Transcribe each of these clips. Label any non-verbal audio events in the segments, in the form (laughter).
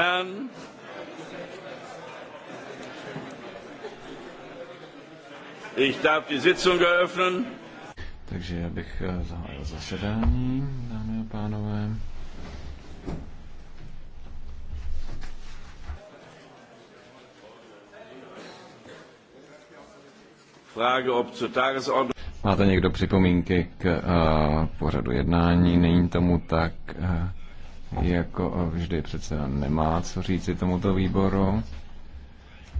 Um, ich darf die Sitzung eröffnen. Takže já bych eh, zahájil zasedání, dámy a pánové. Frage, ob zur Tagesordnung Máte někdo připomínky k uh, pořadu jednání? Není tomu tak. Uh, jako eh, vždy přece nemá co říci tomuto výboru.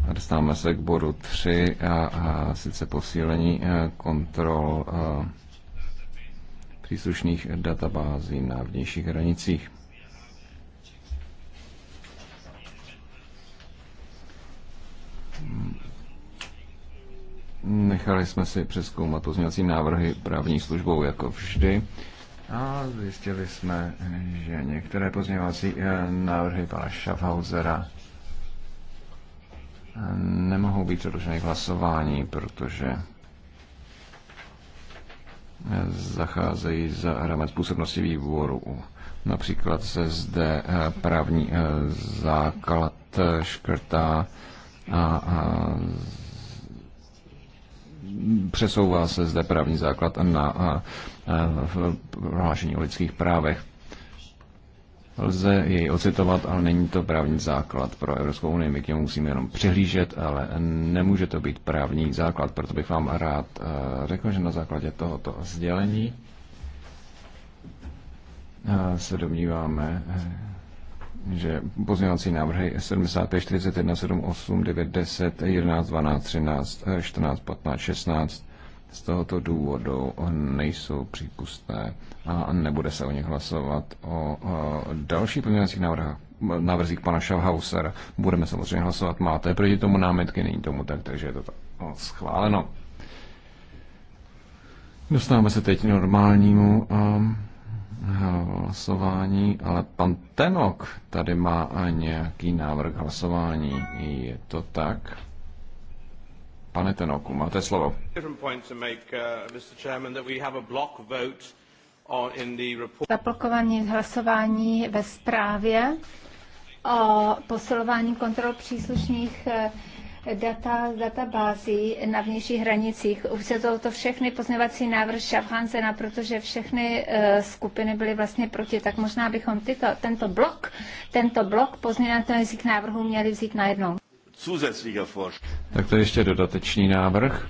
A dostáváme se k bodu 3 a, a sice posílení eh, kontrol a, eh, příslušných databází na vnějších hranicích. Nechali jsme si přeskoumat pozměňovací návrhy právní službou jako vždy. A zjistili jsme, že některé pozměňovací eh, návrhy pana Schaffhausera eh, nemohou být předloženy k hlasování, protože eh, zacházejí za rámec působnosti výboru. Například se zde právní základ škrtá a, a přesouvá se zde právní základ na prohlášení o lidských právech. Lze jej ocitovat, ale není to právní základ pro Evropskou unii. My k němu musíme jenom přihlížet, ale nemůže to být právní základ. Proto bych vám rád řekl, že na základě tohoto sdělení se domníváme, že pozměňovací návrhy 75, 41, 7, 8, 9, 10, 11, 12, 13, 14, 15, 16 z tohoto důvodu nejsou přípustné a nebude se o nich hlasovat. O, další dalších pozměňovacích návrhách návrzích pana Schaffhausera budeme samozřejmě hlasovat. Máte proti tomu námitky, není tomu tak, takže je to tak. O, schváleno. Dostáváme se teď normálnímu. Um, hlasování, ale pan Tenok tady má nějaký návrh hlasování. Je to tak? Pane Tenoku, máte slovo. Uh, Zablokování hlasování ve zprávě o posilování kontrol příslušných eh, data z databází na vnějších hranicích. se to všechny poznavací návrh Šafhansena, protože všechny uh, skupiny byly vlastně proti, tak možná bychom tyto, tento blok, tento blok pozměňovacích návrhů měli vzít najednou. Tak to je ještě dodatečný návrh.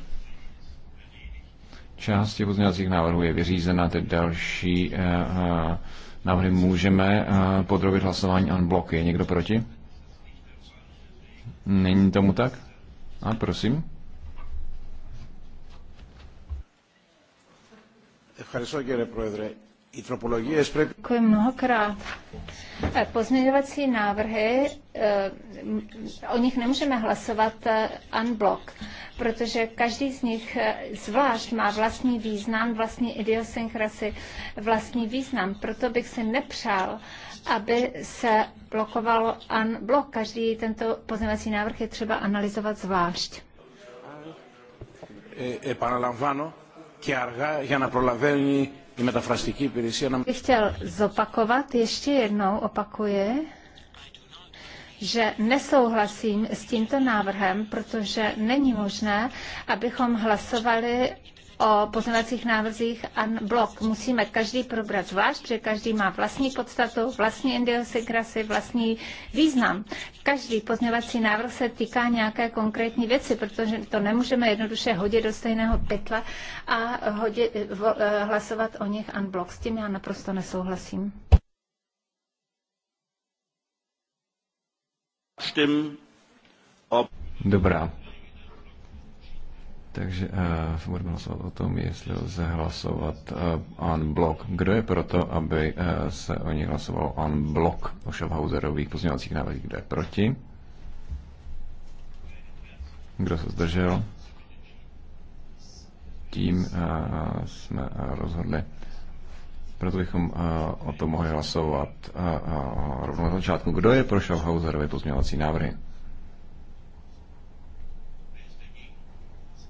Část těch pozměňovacích návrhů je vyřízena, teď další uh, uh, návrhy můžeme uh, podrobit hlasování on blok. Je někdo proti? Není tomu tak? A prosím. Děkuji mnohokrát. Eh, pozměňovací návrhy, eh, o nich nemůžeme hlasovat eh, unblock, protože každý z nich zvlášť má vlastní význam, vlastní idiosynkrasy, vlastní význam. Proto bych si nepřál, aby se blokoval an blok Každý tento pozemací návrh je třeba analyzovat zvlášť. E, e, no no Bych chtěl zopakovat, ještě jednou opakuje, že nesouhlasím s tímto návrhem, protože není možné, abychom hlasovali o pozměňovacích návrzích a blok. Musíme každý probrat zvlášť, protože každý má vlastní podstatu, vlastní idiosynkrasy, vlastní význam. Každý pozměňovací návrh se týká nějaké konkrétní věci, protože to nemůžeme jednoduše hodit do stejného pytla a hodit, eh, hlasovat o nich unblock. S tím já naprosto nesouhlasím. Dobrá, takže uh, budeme hlasovat o tom, jestli lze hlasovat uh, eh, on blok. Kdo je proto, aby uh, se o ní hlasovalo on blok o Schaffhauserových pozměňovacích návrzích? Kdo je proti? Kdo se zdržel? Tím uh, jsme uh, rozhodli. Proto bychom uh, o tom mohli hlasovat uh, uh, rovnou na začátku. Kdo je pro Schaffhauserové pozměňovací návrhy?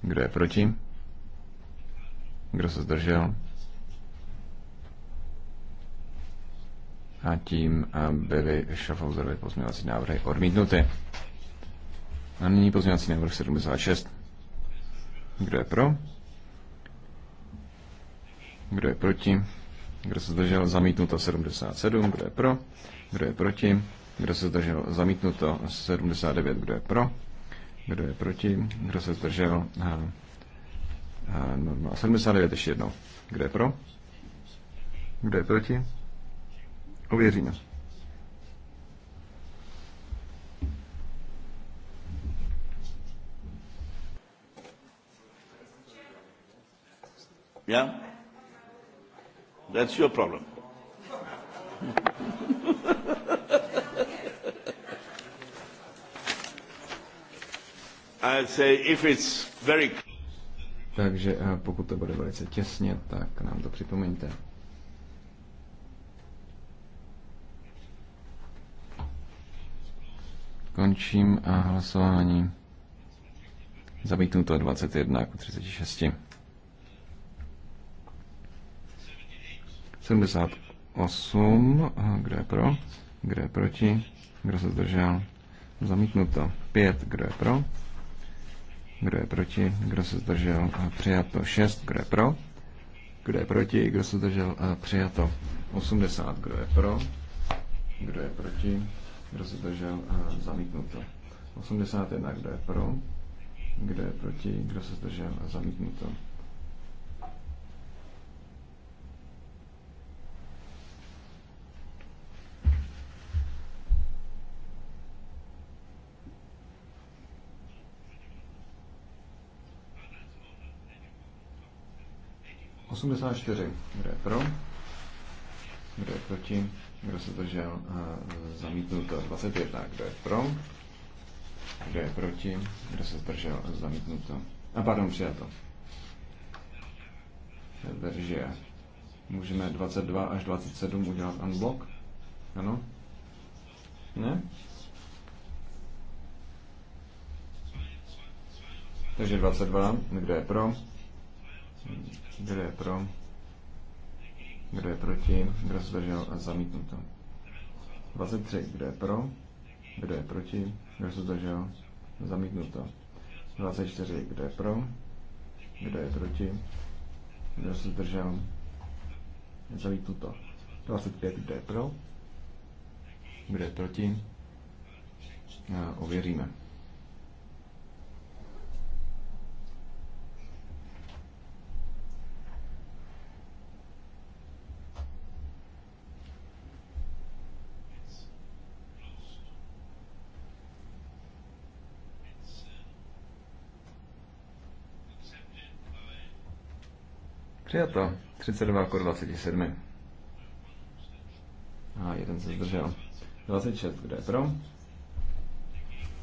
Kdo je proti? Kdo se zdržel? A tím eh, byly Schaffhauserovy pozměňovací návrhy odmítnuty. A nyní pozměňovací návrh 76. Kdo je pro? Kdo je proti? Kdo se zdržel? Zamítnuto 77. Kdo je pro? Kdo je proti? Kdo se zdržel? Zamítnuto 79. Kdo je pro? Kdo je proti? Kdo se zdržel? A, eh, a, eh, no, 79 no, ještě jednou. Kdo je pro? Kdo je proti? Ověříme. Yeah? That's your problem. (laughs) Takže eh, pokud to bude velice těsně, tak nám to připomeňte. Končím a eh, hlasování. Zamítnuto 21 k 36. 78. Kdo je pro? Kdo je proti? Kdo se zdržel? Zamítnuto 5. Kdo je pro? Kdo je proti? Kdo se zdržel? Přijato 6. Kdo je pro? Kdo je proti? Kdo se zdržel? Přijato 80. Kdo je pro? Kdo je proti? Kdo se zdržel? Zamítnuto. 81. Kdo je pro? Kdo je proti? Kdo se zdržel? Zamítnuto. 84. Kdo je pro? Kdo je proti? Kdo se držel? Zamítnul to 21. Kdo je pro? Kdo je proti? Kdo se zdržel? Eh, to. A pardon, přijato. Takže můžeme 22 až 27 udělat unblock? Ano? Ne? Takže 22, kdo je pro? Kdo je pro? Kdo je proti? Kdo se zdržel? Zamítnuto. 23. Kdo je pro? Kdo je proti? Kdo se zdržel? Zamítnuto. 24. Kdo je pro? Kdo je proti? Kdo se zdržel? Zamítnuto. 25. Kdo je pro? Kdo je proti? A ověříme. Přijato. 32 k 27. A jeden se zdržel. 26. Kdo je pro?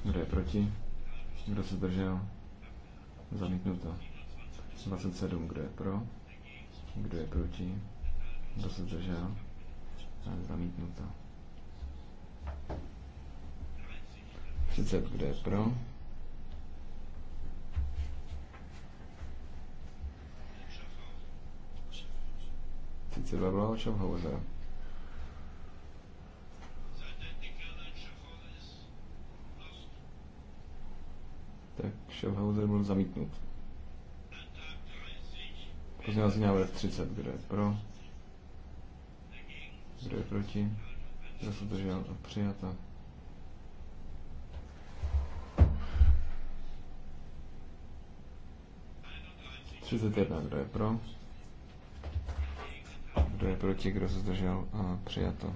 Kdo je proti? Kdo se zdržel? Zamítnuto. 27. Kdo je pro? Kdo je proti? Kdo se zdržel? Zamítnuto. 30. Kdo je pro? 2002 byla o čem hovořila. Tak Schaffhauser byl zamítnut. Pozměňovací návrh 30, kdo je pro? Kdo je proti? Kdo se držel? a Přijata. Třicet jedna, kdo je pro? Kdo je proti, kdo se zdržel? Přijato.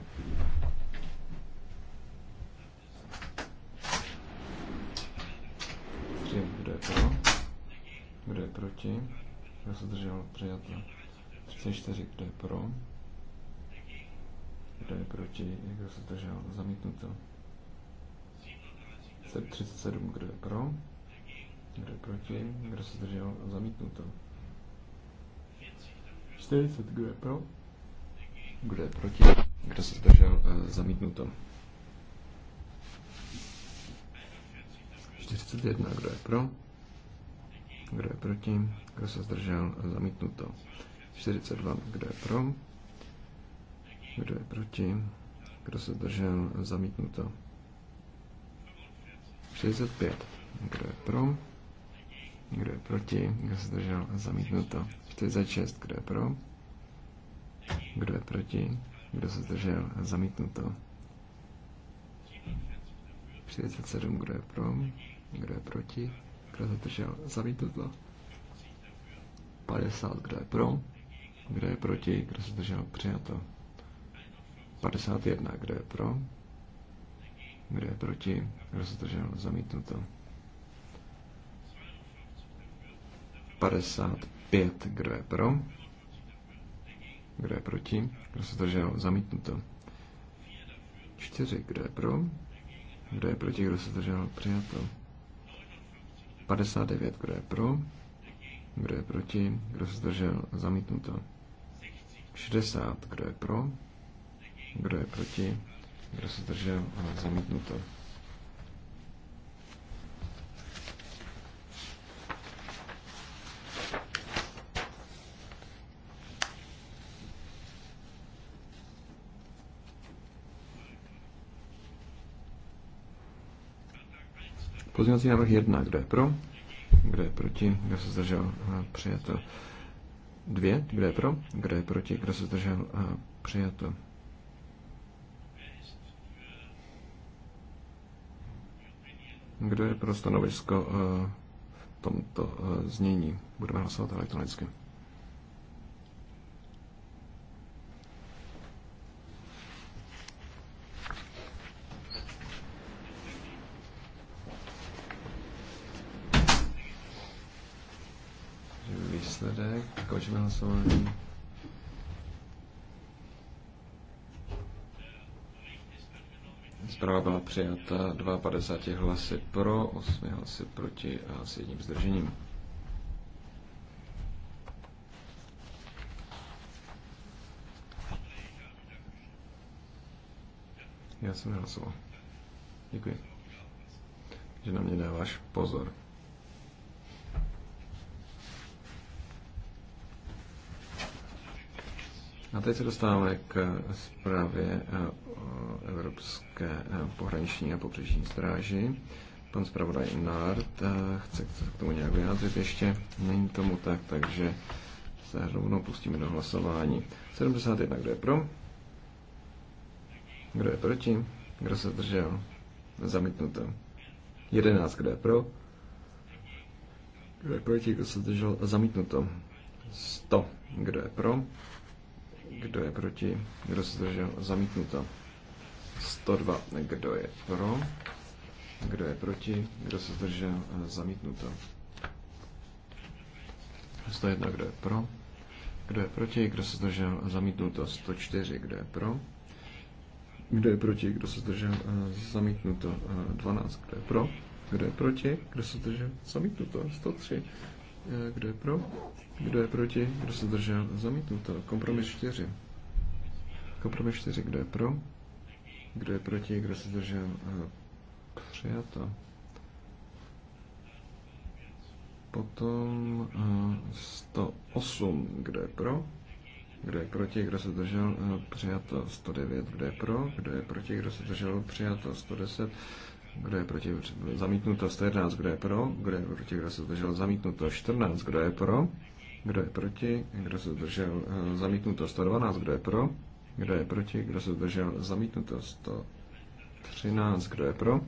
Kdo je pro? Kdo je proti? Kdo se zdržel? Přijato. 34. Kdo je pro? Kdo je proti? Kdo se zdržel? Zamítnuto. 37. Kdo je pro? Kdo je proti? Kdo se zdržel? Zamítnuto. 40. Kdo je pro? Kdo je proti? Kdo se zdržel? Eh, zamítnuto. 41. Kdo je pro? Kdo je proti? Kdo se zdržel? Eh, zamítnuto. 42. Kdo je pro? Kdo je proti? Kdo se zdržel? Eh, zamítnuto. 45. Kdo je pro? Kdo je proti? Kdo se zdržel? Zamítnuto. 46. Kdo je pro? Kdo je proti? Kdo se zdržel? to. 37, Kdo je pro? Kdo je proti? Kdo se zdržel? to. 50. Kdo je pro? Kdo je proti? Kdo se zdržel? Přijato. 51. Kdo je pro? Kdo je proti? Kdo se zdržel? to. 55. Kdo je pro? Kdo je proti? Kdo se zdržel? Zamítnuto. 4. Kdo je pro? Kdo je proti? Kdo se zdržel? Přijato. 59. Kdo je pro? Kdo je proti? Kdo se zdržel? Zamítnuto. 60. Kdo je pro? Kdo je proti? Kdo se zdržel? Zamítnuto. Pozměňovací návrh 1. Kdo je pro? Kdo je proti? Kdo se zdržel? Eh, přijato. 2. Kdo je pro? Kdo je proti? Kdo se zdržel? Eh, přijato. Kdo je pro stanovisko eh, tomto znění? Budeme hlasovat elektronicky. hlasování. Zpráva byla přijata 52 hlasy pro, 8 hlasy proti a s jedním zdržením. Já jsem nehlasoval. Děkuji. Že na mě dáváš pozor. teď se dostáváme k zprávě eh, Evropské eh, pohraniční a pobřežní stráži. Pan zpravodaj Nard eh, chce se k tomu nějak vyjádřit ještě. Není tomu tak, takže se rovnou pustíme do hlasování. 71, kdo je pro? Kdo je proti? Kdo se zdržel? Zamítnuto. 11, kdo je pro? Kdo je proti? Kdo se zdržel? Zamítnuto. 100, kdo je pro? Kdo je proti? Kdo se zdržel? Zamítnuto. 102. Kdo je pro? Kdo je proti? Kdo se zdržel? Zamítnuto. 101. Kdo je pro? Kdo je proti? Kdo se zdržel? Zamítnuto. 104. Kdo je pro? Kdo je proti? Kdo se zdržel? Zamítnuto. 12. Kdo je pro? Kdo je proti? Kdo se zdržel? Zamítnuto. 103. Eh, kdo je pro? Kdo je proti? Kdo se zdržel? Zamítnuto. Kompromis 4. Kompromis 4. Eh, eh, kdo je pro? Kdo je proti? Kdo se zdržel? Přijato. Potom 108. Kdo je pro? Kdo je proti? Kdo se zdržel? Přijato. 109. Kdo je pro? Kdo je proti? Kdo se zdržel? Přijato. 110 kdo je proti, zamítnuto 14, kdo je pro, kdo je proti, kdo se zdržel, zamítnuto 14, kdo je pro, kdo je proti, kdo se zdržel, zamítnuto 112, kdo je pro, kdo je proti, kdo se zdržel, zamítnuto 113, kdo je pro,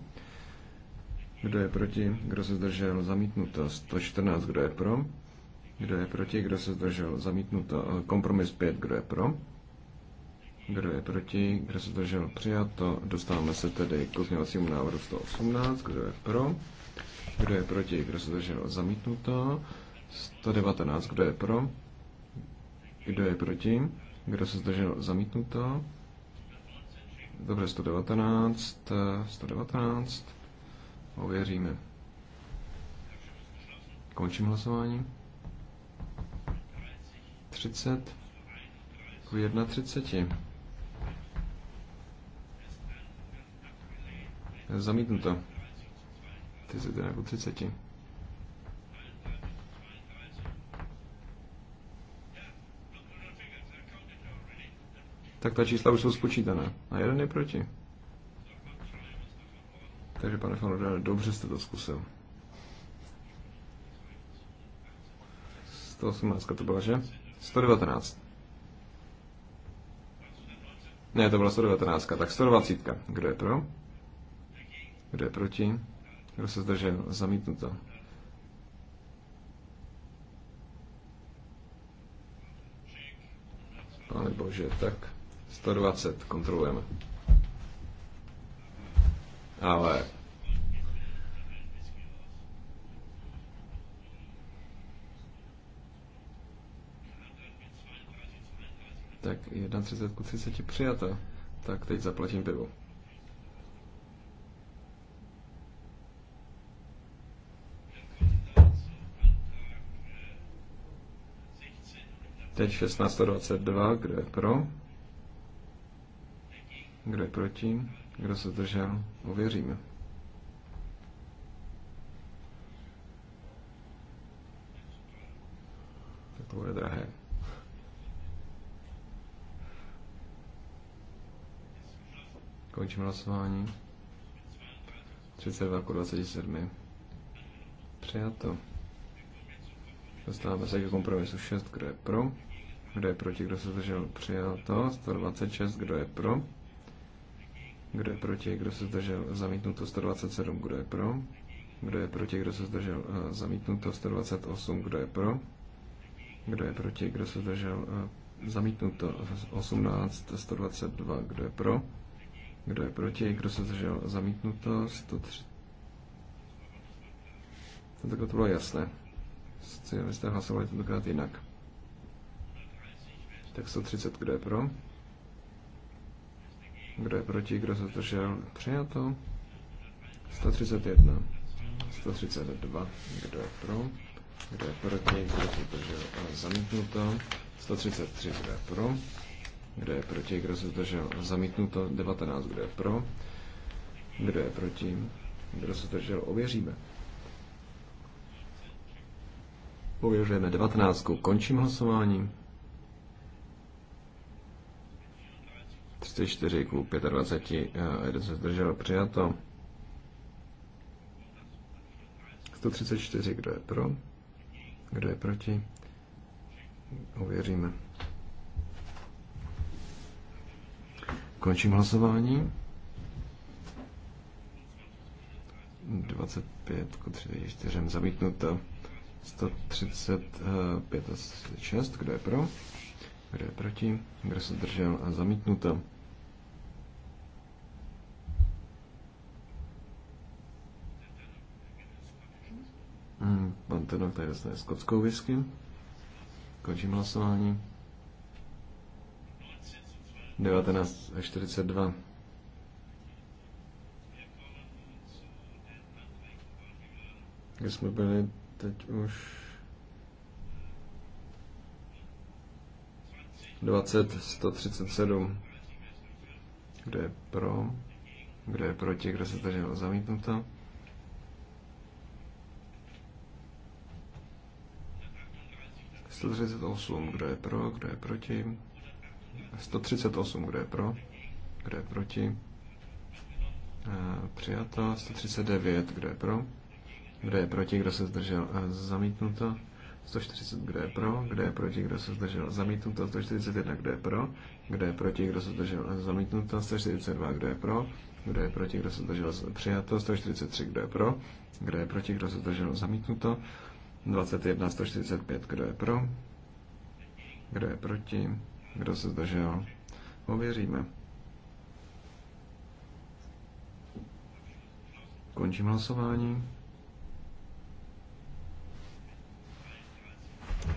kdo je proti, kdo se zdržel, zamítnuto 114, kdo je pro, kdo je proti, kdo se zdržel, zamítnuto kompromis 5, kdo je pro, kdo je proti? Kdo se zdržel? Přijato. Dostáváme se tedy k pozměňovacímu návrhu 118. Kdo je pro? Kdo je proti? Kdo se zdržel? Zamítnuto. 119. Kdo je pro? Kdo je proti? Kdo se zdržel? Zamítnuto. Dobře, 119. 119. Ověříme. Končím hlasování. 30 k 31. Zamítnuto. 31 ku 30. Tak ta čísla už jsou spočítaná. A jeden je proti. Takže pane Fanodale, dobře jste to zkusil. 118 to byla, že? 119. Ne, to byla 119, tak 120. Kdo je pro? Kdo je proti? Kdo se zdržel? Zamítnuto. Pane bože, tak 120 kontrolujeme. Ale tak 31 30 přijato. Tak teď zaplatím pivo. Teď 1622, kdo je pro? Kdo je proti? Kdo se zdržel? Ověříme. Tak to bude drahé. Končím hlasování. 32 k 27. Přijato. Dostáváme se ke kompromisu 6, kdo je pro. Kdo je proti, kdo se zdržel, přijal to 126, kdo je pro. Kdo je proti, kdo se zdržel, zamítnuto. 127, kdo je pro. Kdo je proti, kdo se zdržel, zamítnuto. 128, kdo je pro. Kdo je proti, kdo se zdržel, zamítnuto. 18, 122, kdo je pro. Kdo je proti, kdo se zdržel, zamítnuto. 103. Tak to bylo jasné. Socialisté hlasovali tentokrát jinak. Tak 130, kdo je pro? Kdo je proti, kdo se zdržel? Přijato. 131. 132. Kdo je pro? Kdo je proti, kdo se zdržel? Zamítnuto. 133. Kdo je pro? Kdo je proti, kdo se zdržel? Zamítnuto. 19. Kdo je pro? Kdo je proti? Kdo se zdržel? Ověříme. Pověřujeme 19. Končím hlasování. 34 ku 25, eh, jeden se zdržel, přijato. 134, kdo je pro? Kdo je proti? Ověříme. Končím hlasování. 25 ku 34 zamítnuto. 135 eh, a 6, kdo je pro, kdo je proti, kdo se držel a zamítnuto. Hmm, pan Tenok tady dostane skotskou whisky. Končím hlasování. 19.42. Kde jsme byli teď už 20, 137. Kdo je pro? Kdo je proti? Kdo se zdržel? Zamítnuto. osm, kdo je pro, kdo je proti. 138, kdo je pro, kdo je proti. Eh, přijato. 139, kdo je pro. Kdo je proti, kdo se zdržel? Zamítnuto. 140, kdo je pro, kdo je proti, kdo se zdržel, zamítnuto, 141, kdo je pro, kdo je proti, kdo se zdržel, zamítnuto, 142, kdo je pro, kdo je proti, kdo se zdržel, přijato, 143, kdo je pro, kdo je proti, kdo se zdržel, zamítnuto, 21, 145, kdo je pro, kdo je proti, kdo se zdržel, ověříme. Končím hlasování.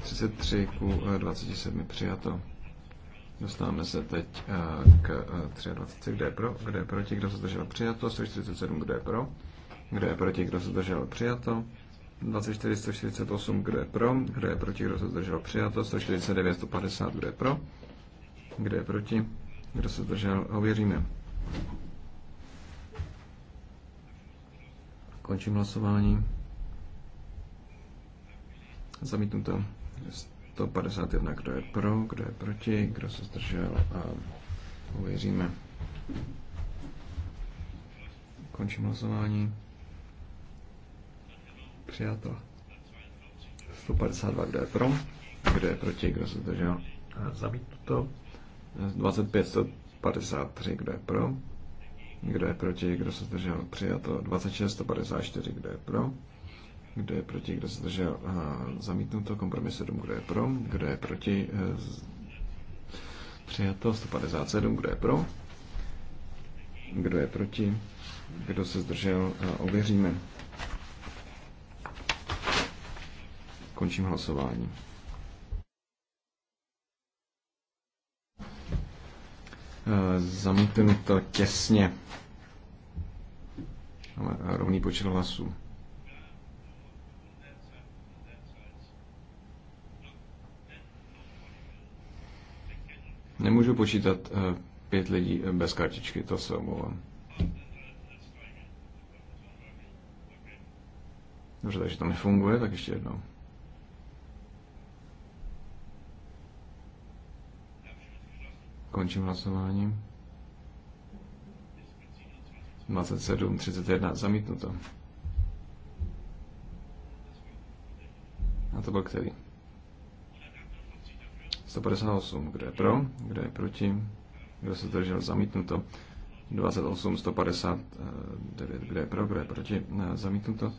33 k 27 přijato. Dostáváme se teď eh, k 23, eh, kde je pro, kde je proti, kdo se držel přijato, 147, kde je pro, kde je proti, kdo se držel přijato, 24, 148, kdo je pro, kdo je proti, kdo se zdržel přijato, 149, 150, kdo je pro, kdo je proti, kdo se zdržel, ověříme. Končím hlasování. Zamítnuto. 151, kdo je pro, kdo je proti, kdo se zdržel a uvěříme. Končím hlasování. Přijato. 152, kdo je pro, kdo je proti, kdo se zdržel a zamítnuto. 25, 153, kdo je pro, kdo je proti, kdo se zdržel, přijato. 26, 154, kdo je pro kdo je proti, kdo se zdržel? Zamítnuto. Kompromis 7. Kdo je pro? Kdo je proti? Eh, přijato. 157. Kdo je pro? Kdo je proti? Kdo se zdržel? Eh, ověříme. Končím hlasování. Eh, zamítnuto těsně. Máme rovný počet hlasů. Nemůžu počítat eh, pět lidí eh, bez kartičky, to se omlouvám. Dobře, takže to nefunguje, tak ještě jednou. Končím hlasování. 27, 31, zamítnuto. A to byl který? 158, kdo je pro, kdo je proti, kdo se zdržel zamítnuto. 28, 159, kdo je pro, kdo je proti, zamítnuto.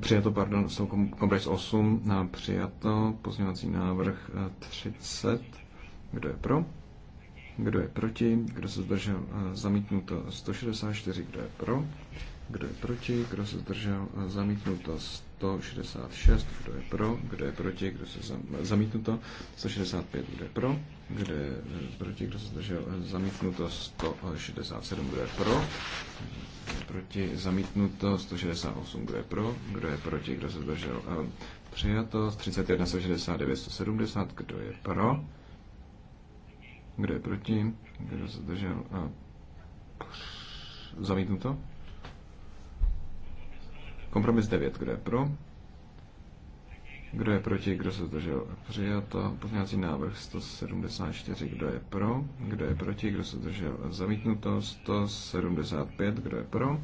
Přijato, pardon, jsou komplex 8, přijato, pozměňovací návrh 30, eh, kdo je pro, kdo je proti, kdo se zdržel eh, zamítnuto 164, kdo je pro, kdo je proti? Kdo se zdržel? Zamítnuto 166. Kdo je pro? Kdo je proti? Kdo se zam... zamítnuto? 165. Kdo je pro? Kdo je proti? Kdo se zdržel? Zamítnuto 167. Kdo je pro? proti? Zamítnuto 168. Kdo je pro? Kdo je proti? Kdo se zdržel? Přijato 31, 169, 170. Kdo je pro? Kdo je proti? Kdo se zdržel? Zamítnuto? Kompromis 9, kdo je pro? Kdo je proti? Kdo se zdržel? Přijato. Pozměňovací návrh 174. Kdo je pro? Kdo je proti? Kdo se zdržel? Zamítnuto. 175. Kdo je pro?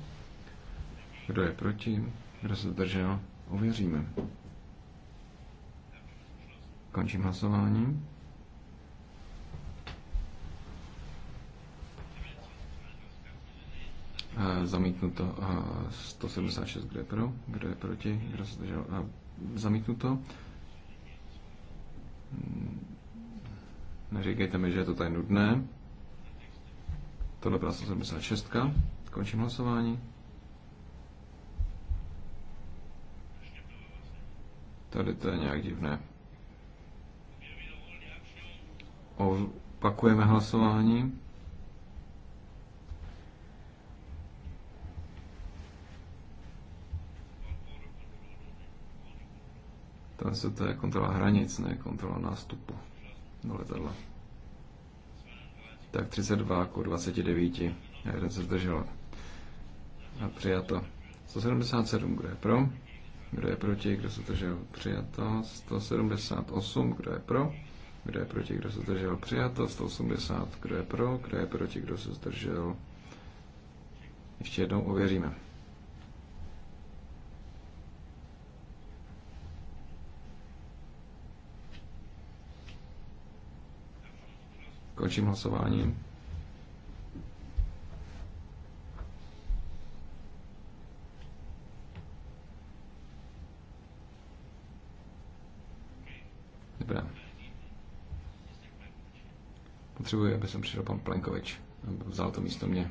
Kdo je proti? Kdo se zdržel? Ověříme. Končím hlasování. Eh, zamítnuto 176, eh, kdo je pro, kdo je proti, kdo se zdržel. Eh, zamítnuto. Mm, neříkejte mi, že je to tady nudné. Tohle byla 176. Končím hlasování. Tady to je nějak divné. Opakujeme hlasování. se to je kontrola hranic, ne kontrola nástupu do letadla. Tak 32 ku 29. A jeden se zdržel. A přijato. 177, kdo je pro? Kdo je proti? Kdo se zdržel? Přijato. 178, kdo je pro? Kdo je proti? Kdo se zdržel? Přijato. 180, kdo je pro? Kdo je proti? Kdo se zdržel? Ještě jednou ověříme. Končím hlasování. Dobrá. Potřebuji, aby jsem přišel pan Plenkovič. Vzal to místo mě.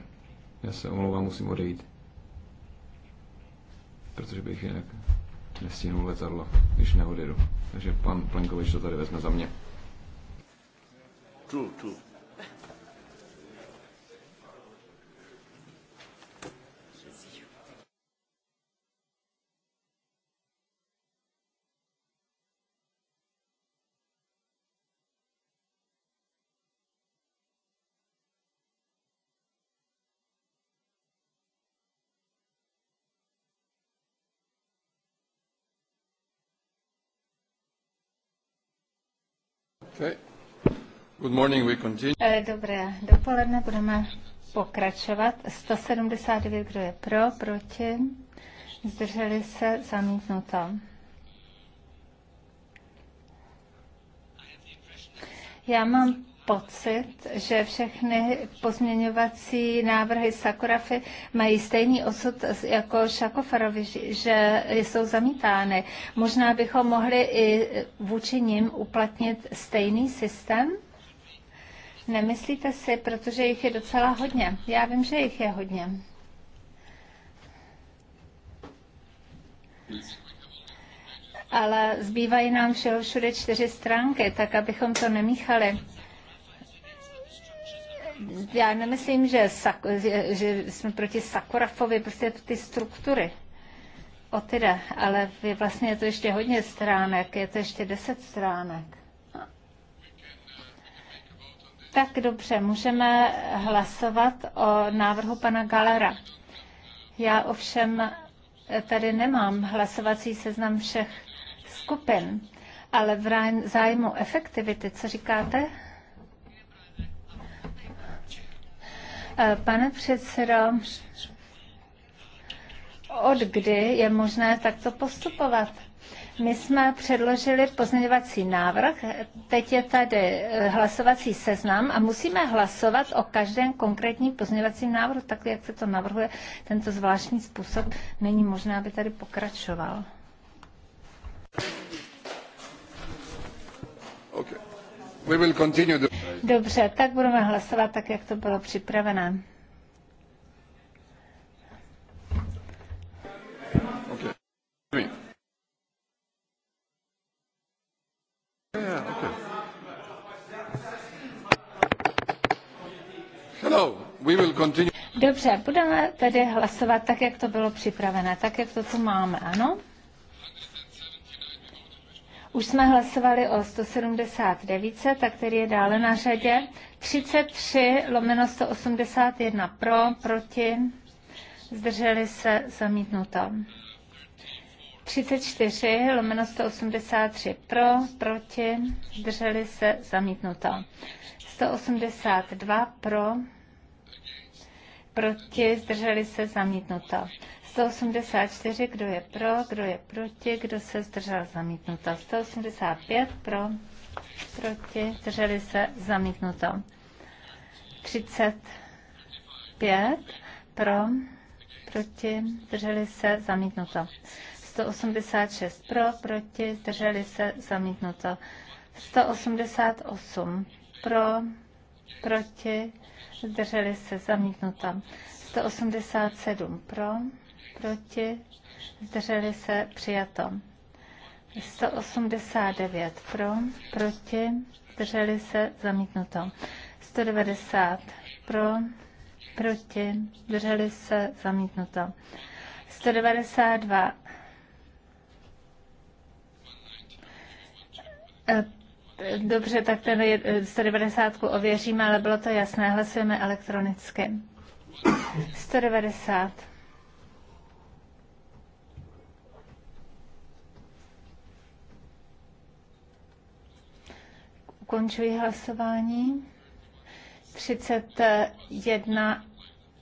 Já se omlouvám, musím odejít. Protože bych jinak nestihnul letadlo, když neodjedu. Takže pan Plenkovič to tady vezme za mě. True, true. Okay. Eh, dobré dopoledne, budeme pokračovat. 179, kdo je pro, proti, zdrželi se, zamítnuto. Já mám pocit, že všechny pozměňovací návrhy Sakurafy mají stejný osud jako Šakofarovi, že jsou zamítány. Možná bychom mohli i vůči nim uplatnit stejný systém? Nemyslíte si, protože jich je docela hodně. Já vím, že jich je hodně. Ale zbývají nám všeho všude čtyři stránky, tak abychom to nemíchali já nemyslím, že, sako, že, jsme proti Sakurafovi, prostě ty struktury. O teda, ale vlastně je to ještě hodně stránek, je to ještě deset stránek. Tak dobře, můžeme hlasovat o návrhu pana Galera. Já ovšem tady nemám hlasovací seznam všech skupin, ale v zájmu efektivity, co říkáte? Eh, pane předsedo, od kdy je možné takto postupovat? My jsme předložili pozměňovací návrh, teď je tady eh, hlasovací seznam a musíme hlasovat o každém konkrétním pozměňovacím návrhu, tak jak se to navrhuje, tento zvláštní způsob není možné, aby tady pokračoval. Okay. We will continue the... Dobře, tak budeme hlasovat tak, jak to bylo připravené. Dobře, budeme tedy hlasovat tak, jak to bylo připravené, tak, jak to tu máme, ano? Už jsme hlasovali o 179, tak který je dále na řadě. 33 lomeno 181 pro, proti, zdrželi se zamítnuto. 34 lomeno 183 pro, proti, zdrželi se, zamítnuto. 182 pro, proti, zdrželi se, zamítnuto. 184, kdo je pro, kdo je proti, kdo se zdržel, zamítnuto. 185 pro, proti, zdrželi se, zamítnuto. 35 pro, proti, zdrželi se, zamítnuto. 186 pro, proti, zdrželi se, zamítnuto. 188 pro, proti, zdrželi se, zamítnuto. 187 pro, proti, zdrželi se, přijato. 189 pro, proti, zdrželi se, zamítnuto. 190 pro, proti, zdrželi se, zamítnuto. 192 Eh, dobře, tak ten 190 eh, ověříme, ale bylo to jasné, hlasujeme elektronicky. 190. Ukončuji hlasování. 31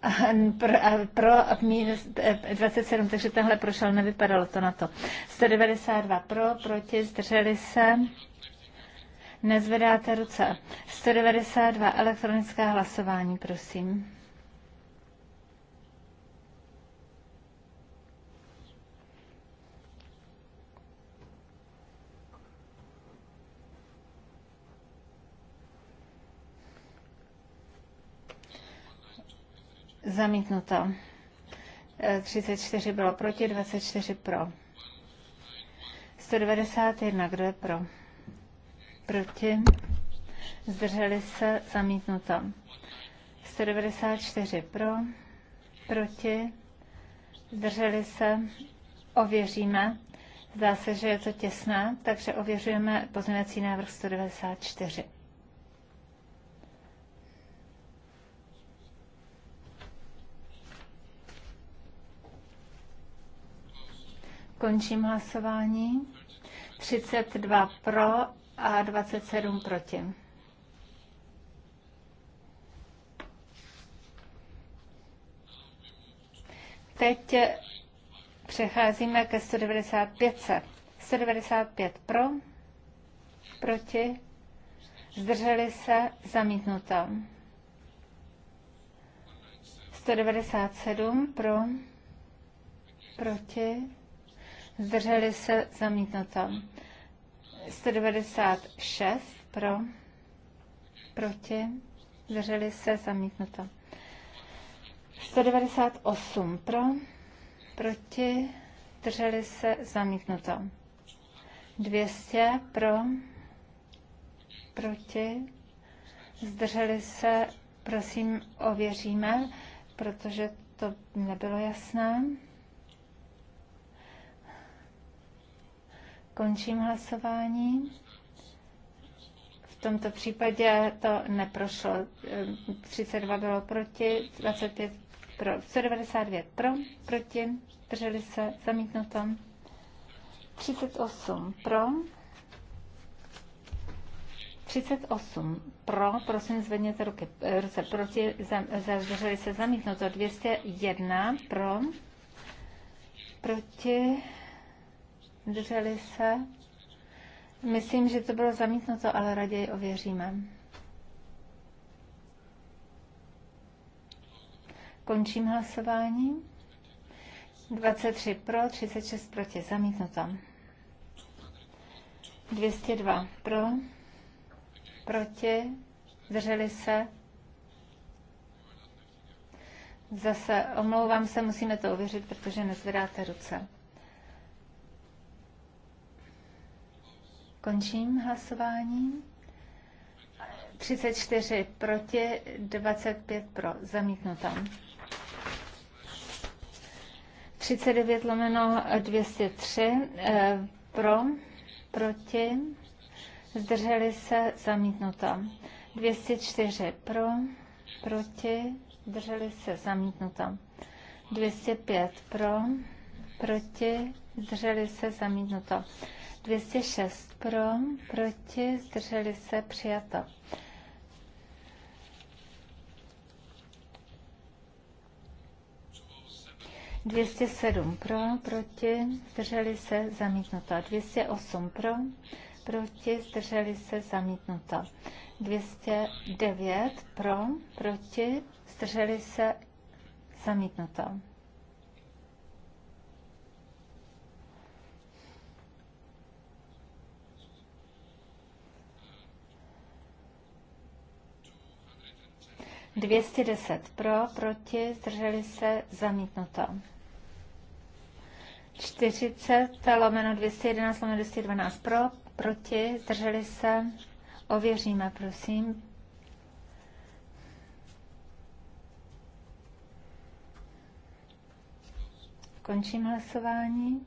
eh, pro, pro minus 27, takže tenhle prošel, nevypadalo to na to. 192 pro, proti, zdrželi se. Nezvedáte ruce. 192 elektronické hlasování, prosím. Zamítnuto. 34 bylo proti, 24 pro. 191, kdo je pro? proti, zdrželi se, zamítnuto. 194 pro, proti, zdrželi se, ověříme. Zdá se, že je to těsné, takže ověřujeme pozměňovací návrh 194. Končím hlasování. 32 pro, a 27 proti. Teď přecházíme ke 195. 195 pro, proti, zdrželi se, zamítnuto. 197 pro, proti, zdrželi se, zamítnuto. 196 pro, proti, zdrželi se, zamítnuto. 198 pro, proti, zdrželi se, zamítnuto. 200 pro, proti, zdrželi se, prosím, ověříme, protože to nebylo jasné. Končím hlasování. V tomto případě to neprošlo. 32 eh, bylo proti, 25 pro, 199 pro, proti, drželi se, zamítnuto. 38 pro, 38 pro, prosím zvedněte ruky, eh, ruce proti, zdrželi se zamítnuto, 201 pro, proti, Drželi se? Myslím, že to bylo zamítnuto, ale raději ověříme. Končím hlasování. 23 pro, 36 proti. Zamítnuto. 202 pro, proti, drželi se. Zase omlouvám se, musíme to ověřit, protože nezvedáte ruce. Končím hlasování. 34 proti, 25 pro. Zamítnuto. 39 lomeno 203 eh, pro, proti, zdrželi se, zamítnuto. 204 pro, proti, zdrželi se, zamítnuto. 205 pro, proti, zdrželi se, zamítnuto. 206 pro, proti, zdrželi se, přijato. Dvěstě sedm pro, proti, zdrželi se, zamítnuto. Dvěstě osm pro, proti, zdrželi se, zamítnuto. 209 pro, proti, zdrželi se, zamítnuto. 210 pro, proti, zdrželi se, zamítnuto. 40 lomeno 211 lomeno 212 pro, proti, zdrželi se, ověříme, prosím. Končím hlasování.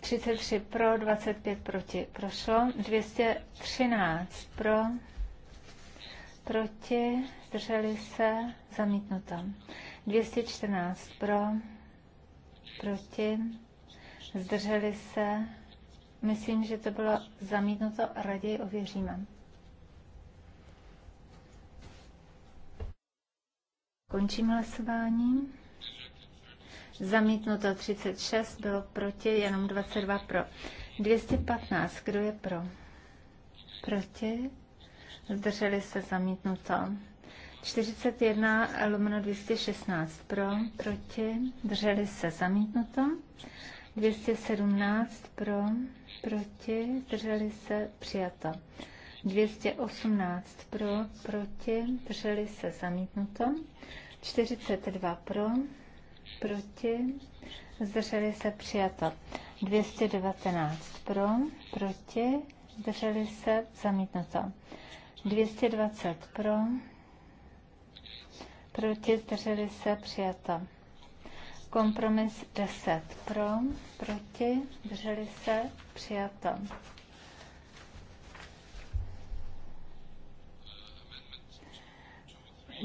33 pro, 25 proti. Prošlo. 213 pro, proti, zdrželi se, zamítnuto. 214 pro, proti, zdrželi se, myslím, že to bylo zamítnuto, raději ověříme. Končím hlasování. Zamítnuto 36, bylo proti, jenom 22 pro. 215, kdo je pro? Proti? zdrželi se zamítnuto. 41 lomeno 216 pro, proti, drželi se zamítnuto. 217 pro, proti, drželi se přijato. 218 pro, proti, drželi se zamítnuto. 42 pro, proti, zdrželi se přijato. 219 pro, proti, drželi se zamítnuto. 220 pro, proti, zdrželi se, přijato. Kompromis 10 pro, proti, zdrželi se, přijato.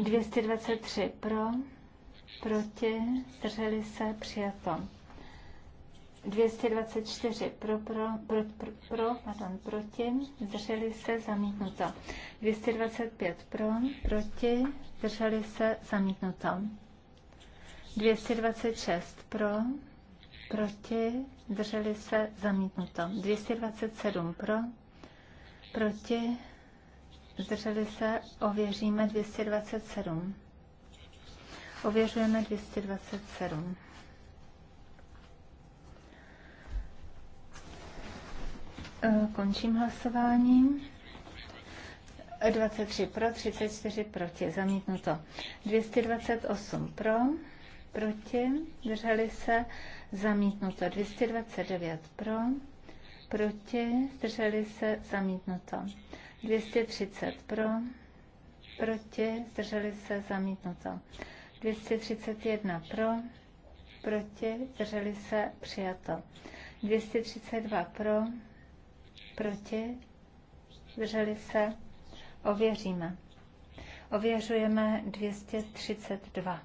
Dvěstě dvacet tři pro, proti, zdrželi se, přijatom. 224 pro, pro, pro, pro, pro pardon, proti, zdrželi se, zamítnuto. 225 pro, proti, zdrželi se, zamítnuto. 226 pro, proti, zdrželi se, zamítnuto. 227 pro, proti, zdrželi se, ověříme 227. Ověřujeme 227. Eh, končím hlasování. 23 pro, 34 proti, zamítnuto. 228 pro, proti, drželi se, zamítnuto. 229 pro, proti, drželi se, zamítnuto. 230 pro, proti, drželi se, zamítnuto. 231 pro, proti, drželi se, přijato. 232 pro, proti, zdrželi se, ověříme. Ověřujeme 232.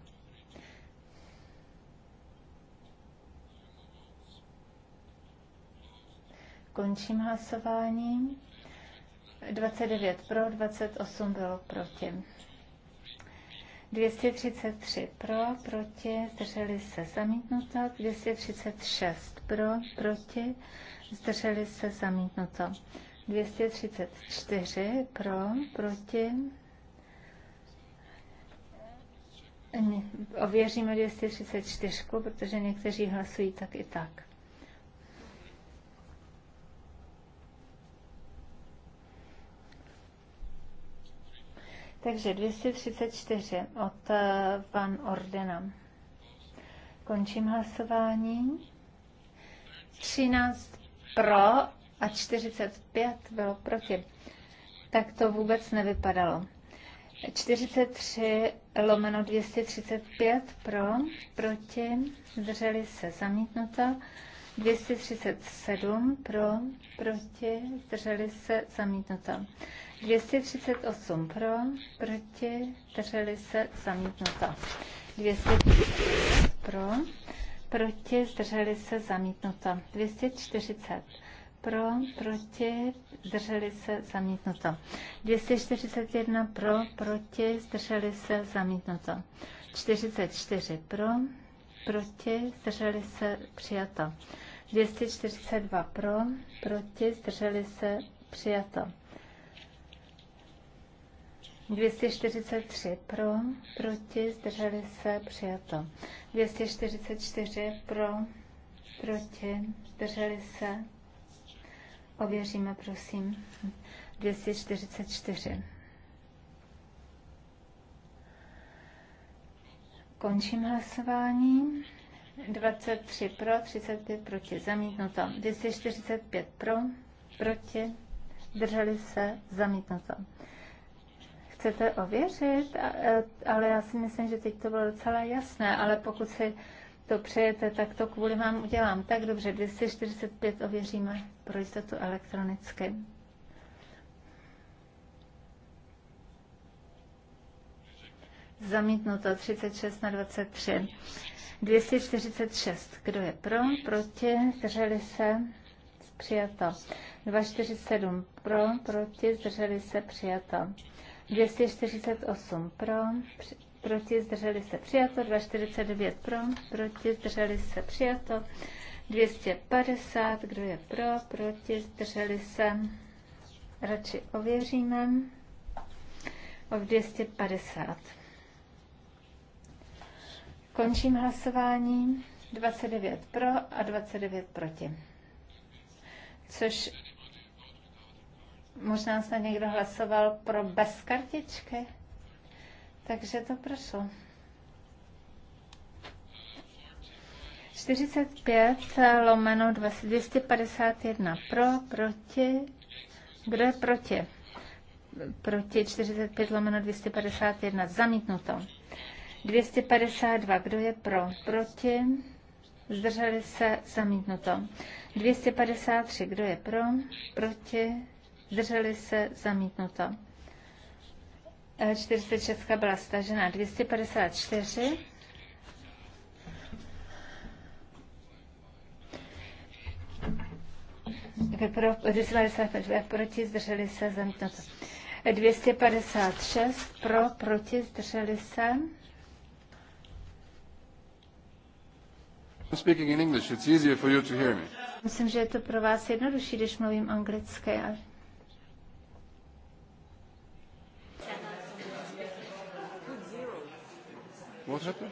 Končím hlasováním. 29 pro, 28 bylo proti. 233 pro, proti, zdrželi se zamítnuto. 236 pro, proti, zdrželi se zamítnuto. 234 pro, proti. Ověříme 234, protože někteří hlasují tak i tak. Takže 234 od pan eh, Ordena. Končím hlasování. 13 pro a 45 bylo proti. Tak to vůbec nevypadalo. 43 lomeno 235 pro, proti, zdrželi se zamítnuto. 237 pro, proti, zdrželi se zamítnuto. 238 pro, proti, zdrželi se zamítnuto. 200 pro, proti, zdrželi se, zamítnuto. 240 pro, proti, zdrželi se, zamítnuto. 241 pro, proti, zdrželi se, zamítnuto. 44 pro, proti, zdrželi se, přijato. 242 pro, proti, zdrželi se, přijato. 243 pro, proti, zdrželi se, přijato. 244 pro, proti, zdrželi se. Ověříme, prosím. 244. Končím hlasování. 23 pro, 35 proti, zamítnuto. 245 pro, proti, zdrželi se, zamítnuto chcete ověřit, e, ale já si myslím, že teď to bylo docela jasné, ale pokud si to přejete, tak to kvůli vám udělám. Tak dobře, 245 ověříme pro jistotu elektronicky. Zamítnuto 36 na 23. 246. Kdo je pro? Proti? Zdrželi se? Přijato. 247. Pro? Proti? Zdrželi se? Přijato. 248 pro, proti zdrželi se přijato, 249 pro, proti zdrželi se přijato, 250, kdo je pro, proti zdrželi se, radši ověříme, o 250. Končím hlasování, 29 pro a 29 proti, což Možná se někdo hlasoval pro bez kartičky, takže to prošlo. 45 lomeno 251 pro, proti. Kdo je proti? Proti 45 lomeno 251. Zamítnuto. 252. Kdo je pro? Proti. Zdrželi se. Zamítnuto. 253. Kdo je pro? Proti zdrželi se, zamítnuto. 46 e, byla stažena, 254. Pro, 255 proti, zdrželi se, zamítnuto. 256 e, pro, proti, zdrželi se. Myslím, že je to pro vás jednodušší, když mluvím anglicky. What happened?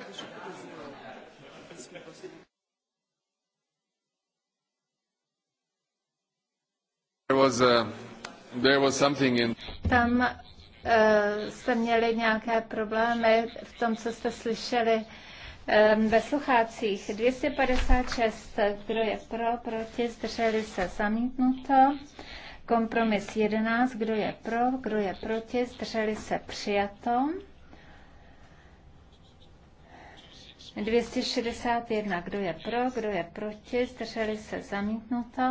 There was a, uh, there was something in. Tam uh, jste měli nějaké problémy v tom, co jste slyšeli um, ve sluchácích. 256, kdo je pro, proti, zdrželi se zamítnuto. Kompromis 11, kdo je pro, kdo je proti, zdrželi se přijatom. 261. Kdo je pro, kdo je proti? Zdrželi se zamítnuto.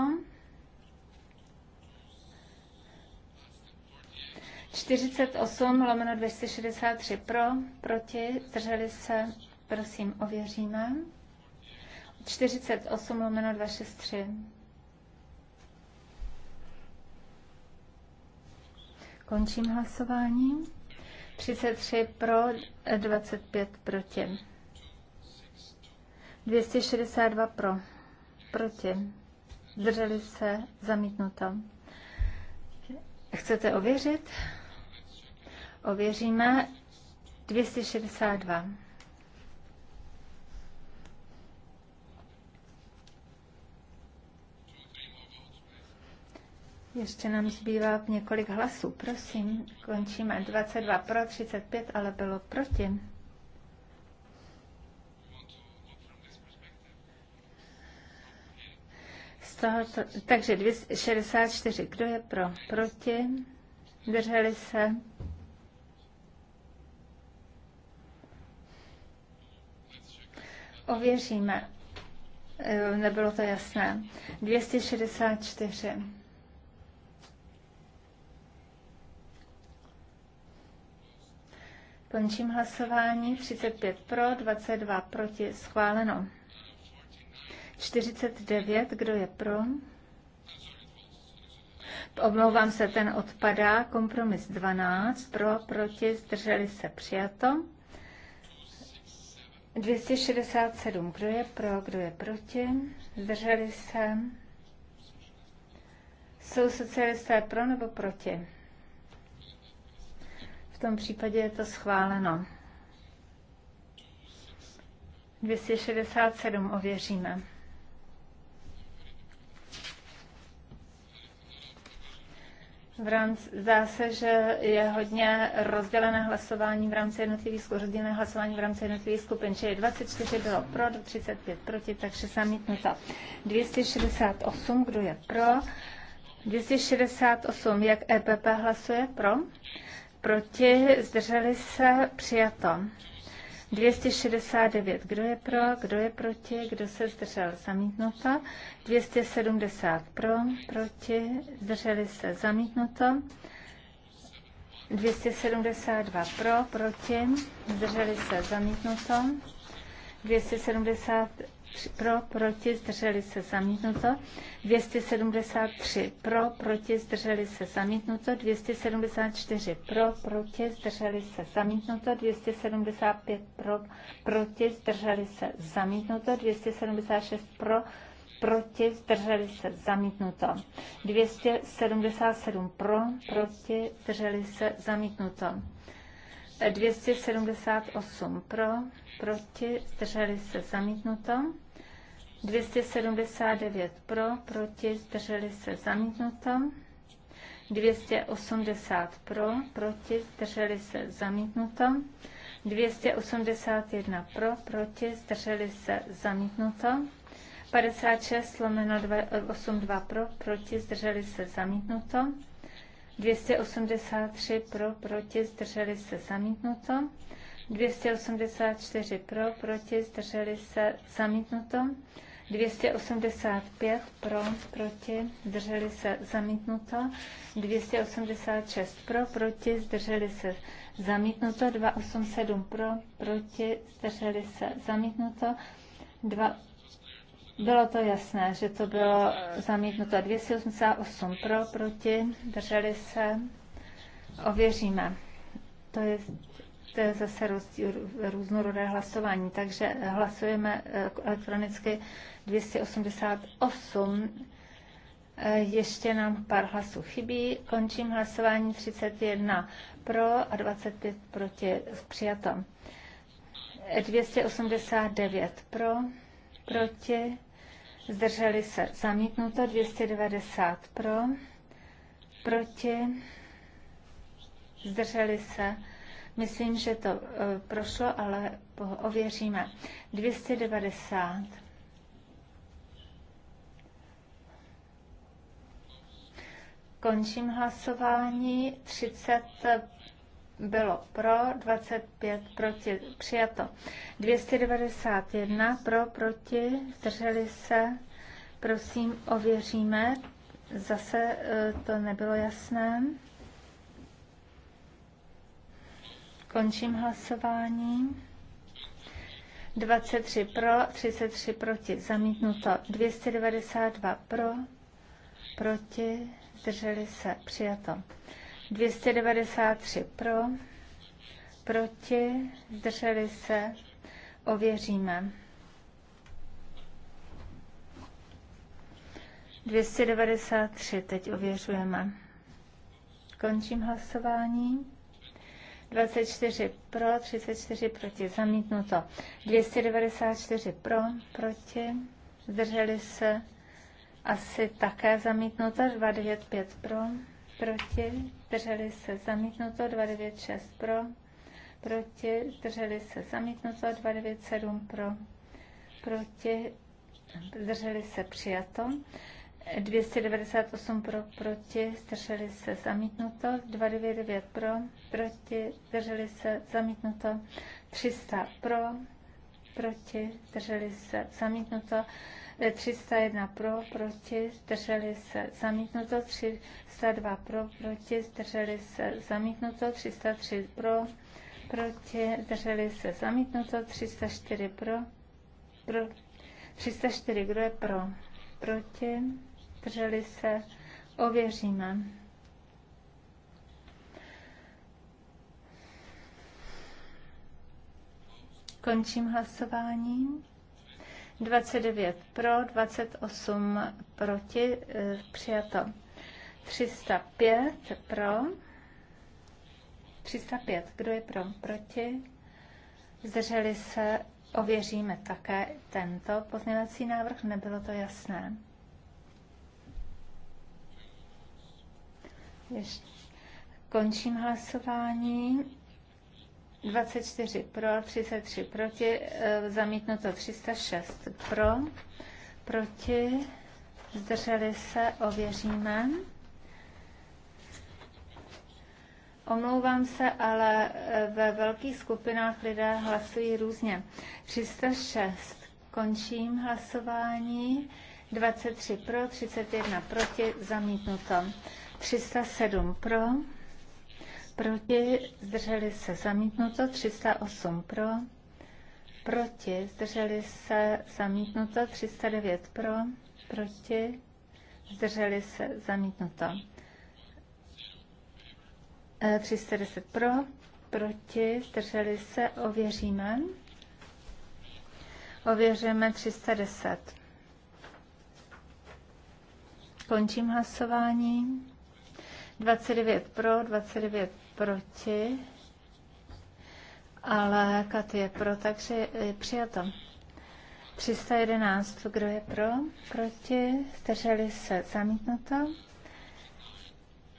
48 lomeno 263 pro, proti, zdrželi se, prosím, ověříme. 48 lomeno 263. Končím hlasování. 33 pro, 25 proti. 262 pro, proti, zdrželi se, zamítnuto. Chcete ověřit? Ověříme 262. Ještě nám zbývá několik hlasů, prosím. Končíme 22 pro, 35, ale bylo proti. tohoto, takže 264, kdo je pro, proti, drželi se. Ověříme, e, nebylo to jasné. 264. Končím hlasování. 35 pro, 22 proti. Schváleno. 49, kdo je pro? Omlouvám se, ten odpadá. Kompromis 12, pro, proti, zdrželi se, přijato. 267, kdo je pro, kdo je proti, zdrželi se. Jsou socialisté pro nebo proti? V tom případě je to schváleno. 267 ověříme. V rámci, zdá se, že je hodně rozdělené hlasování v rámci jednotlivých rozdělené hlasování v rámci jednotlivých skupin, čili 24 bylo pro, 35 proti, takže zamítnuto. 268, kdo je pro? 268, jak EPP hlasuje pro? Proti, zdrželi se, přijato. 269, kdo je pro, kdo je proti, kdo se zdržel, zamítnuto. 270 pro, proti, zdrželi se, zamítnuto. 272 pro, proti, zdrželi se, zamítnuto. 270 pro, proti, zdrželi se zamítnuto, 273 pro, proti, zdrželi se zamítnuto, 274 pro, proti, zdrželi se zamítnuto, 275 pro, proti, zdrželi se zamítnuto, 276 pro, proti, zdrželi se, zamítnuto. 277 pro, proti, zdrželi se, zamítnuto. 278 pro, proti, zdrželi se, zamítnuto. 279 pro, proti, zdrželi se zamítnuto. 280 pro, proti, zdrželi se zamítnuto. 281 pro, proti, zdrželi se zamítnuto. 56 lomeno 82 pro, proti, zdrželi se zamítnuto. 283 pro, proti, zdrželi se zamítnuto. 284 pro, proti, zdrželi se zamítnuto. 285 pro, proti, zdrželi se zamítnuto. 286 pro, proti, zdrželi se zamítnuto. 287 pro, proti, zdrželi se zamítnuto. 2, bylo to jasné, že to bylo zamítnuto. 288 pro, proti, drželi se. Ověříme. To je, to je zase různorodé hlasování, takže hlasujeme eh, elektronicky 288. Eh, ještě nám pár hlasů chybí. Končím hlasování 31 pro a 25 proti přijato. 289 eh, pro, proti, zdrželi se zamítnuto, 290 pro, proti, zdrželi se, myslím, že to eh, prošlo, ale ověříme, 290 Končím hlasování. 30 bylo pro, 25 proti, přijato. 291 pro, proti, zdrželi se. Prosím, ověříme. Zase e, to nebylo jasné. Končím hlasování. 23 pro, 33 proti, zamítnuto. 292 pro, proti, zdrželi se, přijato. 293 pro, proti, zdrželi se, ověříme. 293 teď ověřujeme. Končím hlasování. 24 pro, 34 proti, zamítnuto. 294 pro, proti, zdrželi se, asi také zamítnuto, 295 pro, proti, drželi se zamítnuto, 296 pro, proti, drželi se zamítnuto, 297 pro, proti, drželi se přijato, 298 pro, proti, zdrželi se zamítnuto, 299 pro, proti, zdrželi se zamítnuto, 300 pro, proti, zdrželi se zamítnuto, 301 pro, proti, zdrželi se zamítnuto, 302 pro, proti, zdrželi se zamítnuto, 303 pro, proti, zdrželi se zamítnuto, 304 pro, pro 304, kdo je pro, proti, zdrželi se, ověříme. Končím hlasování. 29 pro, 28 proti, e, přijato. 305 pro, 305, kdo je pro, proti, zdrželi se, ověříme také tento pozměňovací návrh, nebylo to jasné. Ještě. Končím hlasování. 24 pro, 33 proti, e, zamítnuto 306 pro, proti, zdrželi se, ověříme. Omlouvám se, ale e, ve velkých skupinách lidé hlasují různě. 306. Končím hlasování. 23 pro, 31 proti, zamítnuto. 307 pro proti, zdrželi se zamítnuto, 308 pro, proti, zdrželi se zamítnuto, 309 pro, proti, zdrželi se zamítnuto. 310 e, pro, proti, zdrželi se, ověříme. Ověříme 310. Končím hlasování. 29 pro, 29 proti, ale Katy je pro, takže je přijato. 311, kdo je pro, proti, zdrželi se, zamítnuto.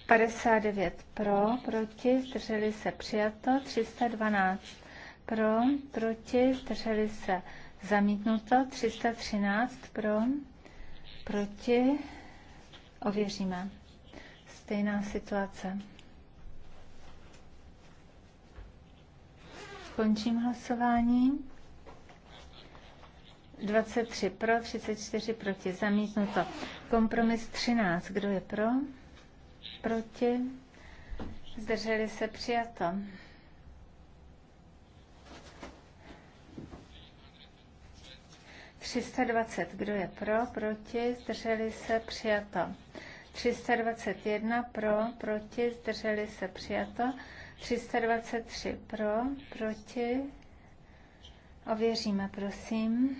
59 pro, proti, zdrželi se, přijato. 312 pro, proti, zdrželi se, zamítnuto. 313 pro, proti, ověříme. Stejná situace. Končím hlasování. 23 pro, 34 proti, zamítnuto. Kompromis 13, kdo je pro? Proti? Zdrželi se přijato. Třista dvacet, kdo je pro, proti, zdrželi se, přijato. 321 pro, proti, zdrželi se, přijato. 323 pro, proti. Ověříme, prosím.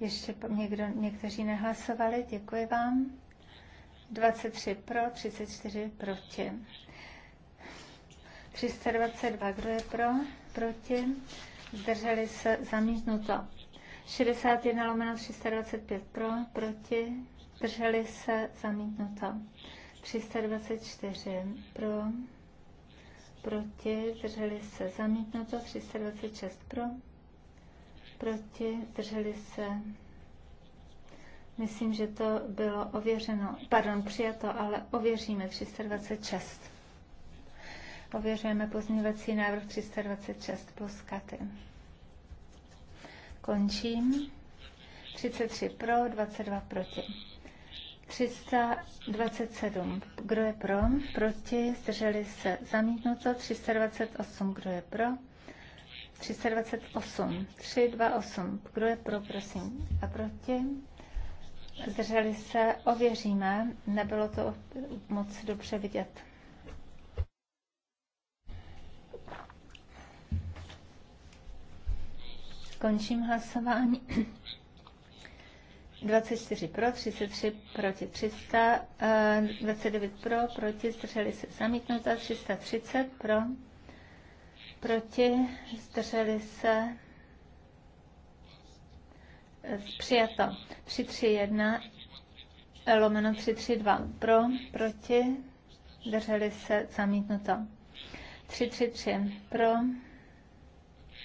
Ještě někdo, někteří nehlasovali, děkuji vám. 23 pro, 34 proti. 322, kdo je pro, proti. Zdrželi se zamítnuto. 61 lomeno 325 pro, proti Drželi se zamítnuto. 324 pro, proti, drželi se zamítnuto. 326 pro, proti, drželi se. Myslím, že to bylo ověřeno, pardon, přijato, ale ověříme 326. Ověřujeme pozměňovací návrh 326 plus katy. Končím. 33 pro, 22 proti. 327. Kdo je pro? Proti? Zdrželi se? Zamítnuto. 328. Kdo je pro? 328. 328. Kdo je pro, prosím? A proti? Zdrželi se? Ověříme. Nebylo to moc dobře vidět. Končím hlasování. 24 pro, 33 proti 300, 29 eh, pro, proti, zdrželi se zamítnuta, 330 pro, proti, zdrželi se eh, přijato 331 eh, lomeno 332 pro, proti, zdrželi se zamítnuto 333 pro,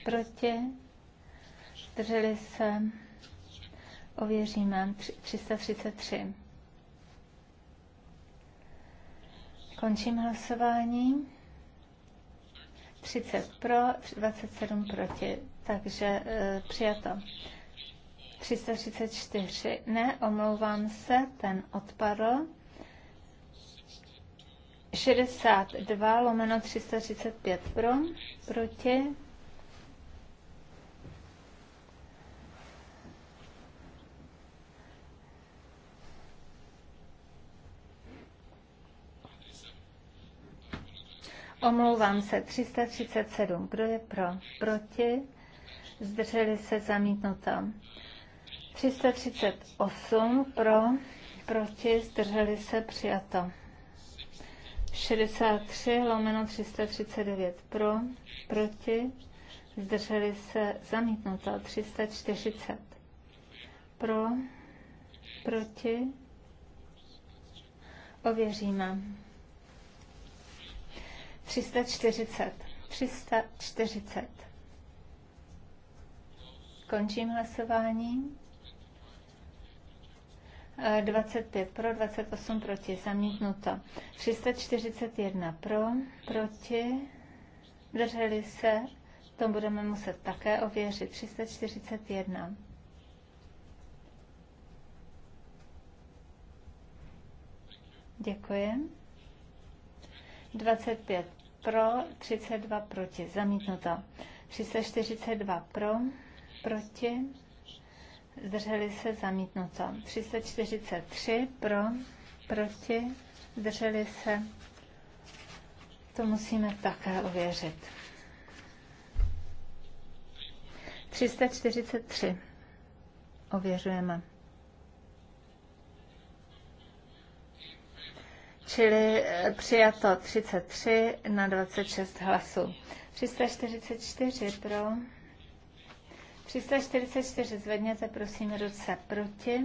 proti, zdrželi se Ověříme 333. Končím hlasování. 30 pro, 27 proti, takže e, přijato. 334. Ne, omlouvám se, ten odpadl. 62 lomeno 335 pro, proti, Omlouvám se, 337. Kdo je pro? Proti? Zdrželi se zamítnuto. 338 pro, proti, zdrželi se přijato. 63 lomeno 339 pro, proti, zdrželi se zamítnuto. 340 pro, proti, ověříme. 340. 340. Končím hlasování. 25 e, pro, 28 proti, zamítnuto. 341 pro, proti, drželi se, to budeme muset také ověřit. 341. Děkuji. 25 pro, 32 proti. Zamítnuto. 342 pro, proti. Zdrželi se zamítnuto. 343 pro, proti. Zdrželi se. To musíme také ověřit. 343. Ověřujeme. čili eh, přijato 33 na 26 hlasů. 344 pro. 344 zvedněte prosím ruce proti.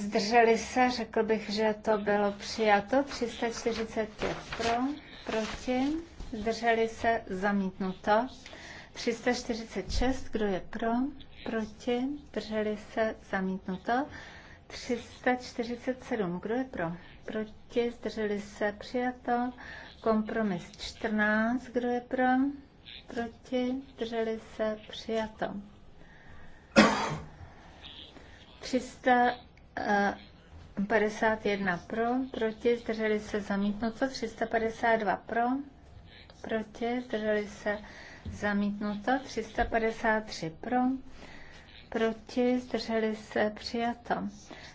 Zdrželi se, řekl bych, že to bylo přijato. 345 pro, proti. Zdrželi se, zamítnuto. 346, kdo je pro, proti. Zdrželi se, zamítnuto. 347. Kdo je pro? Proti? Zdrželi se? Přijato. Kompromis 14. Kdo je pro? Proti? Zdrželi se? Přijato. 351 eh, pro, proti, zdrželi se zamítnuto, 352 pro, proti, zdrželi se zamítnuto, 353 pro, proti, zdrželi se, přijato.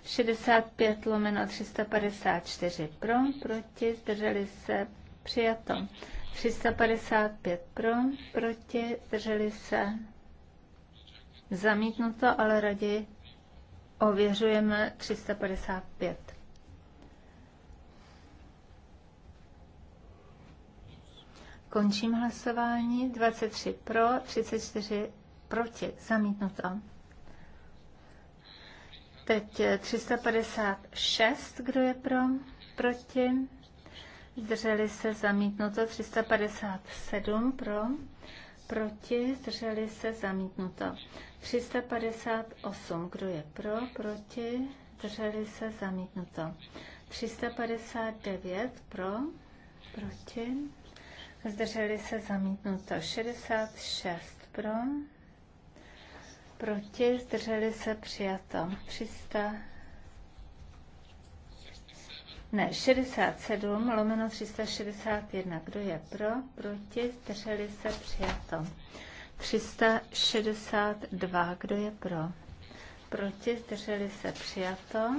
65 lomeno 354 pro, proti, zdrželi se, přijato. 355 pro, proti, zdrželi se, zamítnuto, ale raději ověřujeme 355. Končím hlasování. 23 pro, 34 proti. Zamítnuto. Teď 356, kdo je pro, proti, zdrželi se zamítnuto, 357 pro, proti, zdrželi se zamítnuto, 358, kdo je pro, proti, zdrželi se zamítnuto, 359 pro, proti, zdrželi se zamítnuto, 66 pro, Proti, zdrželi se, přijato. 300. Ne, 67, lomeno 361. Kdo je pro? Proti, zdrželi se, přijato. 362. Kdo je pro? Proti, zdrželi se, přijato.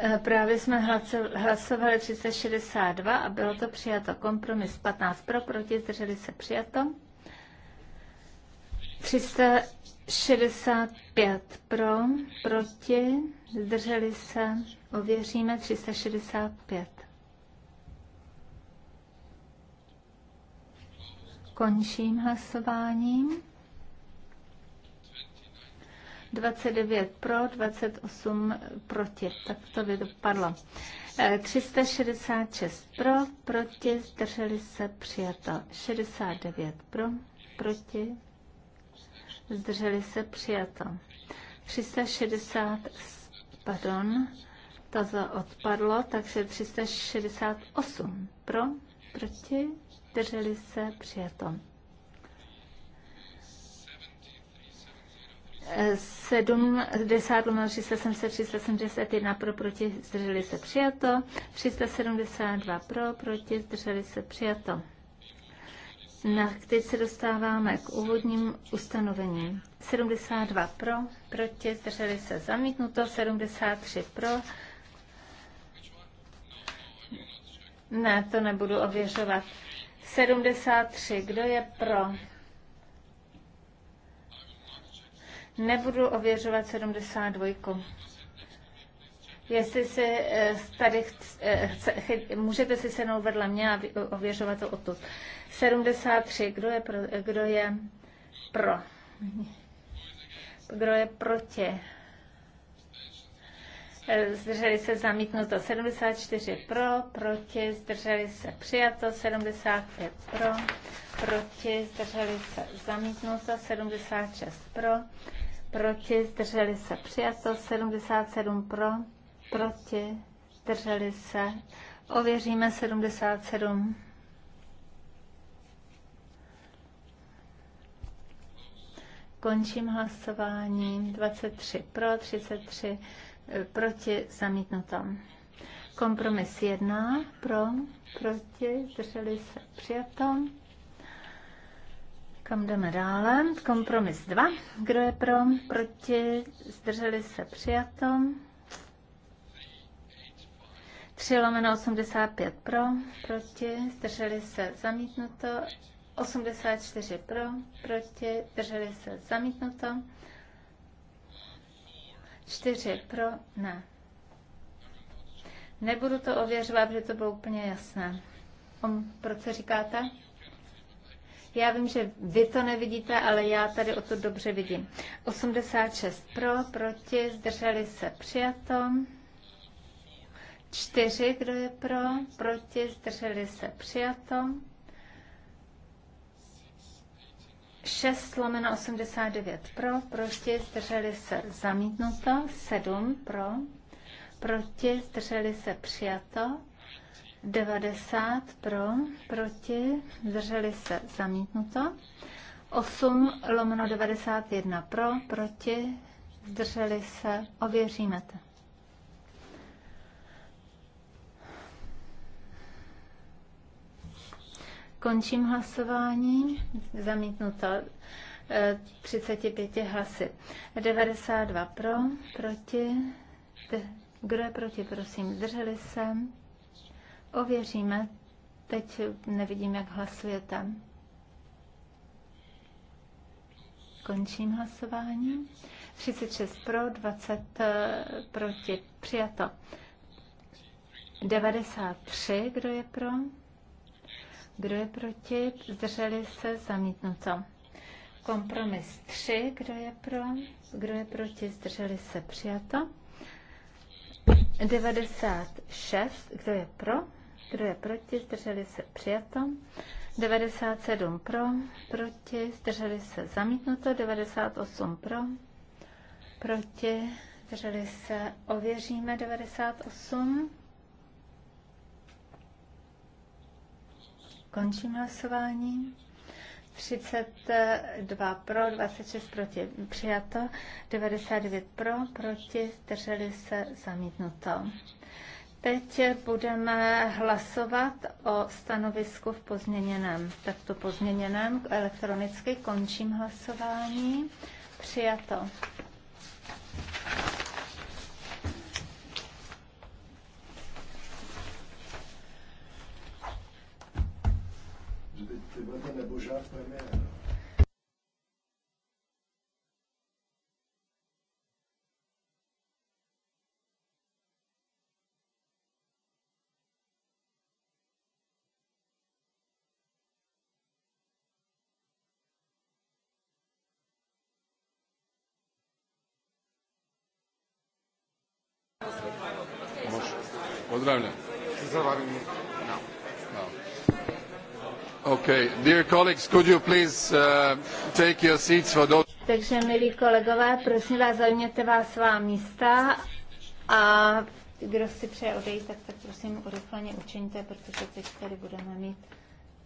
Eh, právě jsme hlasovali 362 a bylo to přijato. Kompromis 15 pro, proti, zdrželi se přijato. 365 pro, proti, zdrželi se, ověříme 365. Končím hlasováním. 29 pro, 28 proti. Tak to by dopadlo. 366 pro, proti, zdrželi se, přijato. 69 pro, proti, zdrželi se, přijato. 360, pardon, to odpadlo, takže 368 pro, proti, zdrželi se, přijato. 70 lomeno 370, 371 pro, proti, zdrželi se přijato, 372 pro, proti, zdrželi se přijato. Na, teď se dostáváme k úvodním ustanovením. 72 pro, proti, zdrželi se zamítnuto, 73 pro. Ne, to nebudu ověřovat. 73, kdo je pro? Nebudu ověřovat 72. Jestli si eh, tady eh, chce, můžete si sednout vedle mě a ověřovat to odtud. 73. Kdo je pro? Kdo je, pro? Kdo je proti? Eh, zdrželi se zamítnuto 74 pro, proti, zdrželi se přijato 75 pro, proti, zdrželi se zamítnuto 76 pro, proti, zdrželi se přijato, 77 pro, proti, zdrželi se. Ověříme 77. Končím hlasování. 23 pro, 33 eh, proti, zamítnuto. Kompromis 1 pro, proti, zdrželi se přijato. Kam jdeme dále? Kompromis 2. Kdo je pro? Proti? Zdrželi se přijato. 3 lomeno 85 pro, proti, zdrželi se zamítnuto, 84 pro, proti, zdrželi se zamítnuto, 4 pro, ne. Nebudu to ověřovat, protože to bylo úplně jasné. O, proč se říkáte? Já vím, že vy to nevidíte, ale já tady o to dobře vidím. 86 pro, proti, zdrželi se přijato. 4, kdo je pro, proti, zdrželi se přijato. 6 lomeno 89 pro, proti, zdrželi se zamítnuto, 7 pro, proti, zdrželi se přijato, 90 pro, proti, zdrželi se zamítnuto. 8 lomeno 91 pro, proti, zdrželi se, ověříme to. Končím hlasování, zamítnuto 35 eh, hlasy. 92 pro, proti, kdo je proti, prosím, zdrželi se. Ověříme. Teď nevidím, jak hlasujete. Končím hlasování. 36 pro, 20 eh, proti. Přijato. 93, kdo je pro? Kdo je proti? Zdrželi se zamítnuto. Kompromis 3, kdo je pro? Kdo je proti? Zdrželi se přijato. 96, kdo je pro? Kdo je proti? Zdrželi se přijato. 97 pro, proti, zdrželi se zamítnuto, 98 pro, proti, zdrželi se, ověříme 98. Končím hlasování. 32 pro, 26 proti, přijato, 99 pro, proti, zdrželi se, zamítnuto. Teď budeme hlasovat o stanovisku v pozměněném. Takto pozměněném elektronicky končím hlasování. Přijato. Ty budete nebožák, premiér. Pozdravljam. No. No. Okay. Dear colleagues, could you please uh, take your seats for those... Takže, milí kolegové, prosím vás, zajměte vás svá místa a kdo si přeje odejít, tak, tak prosím urychleně učiňte, protože teď tady budeme mít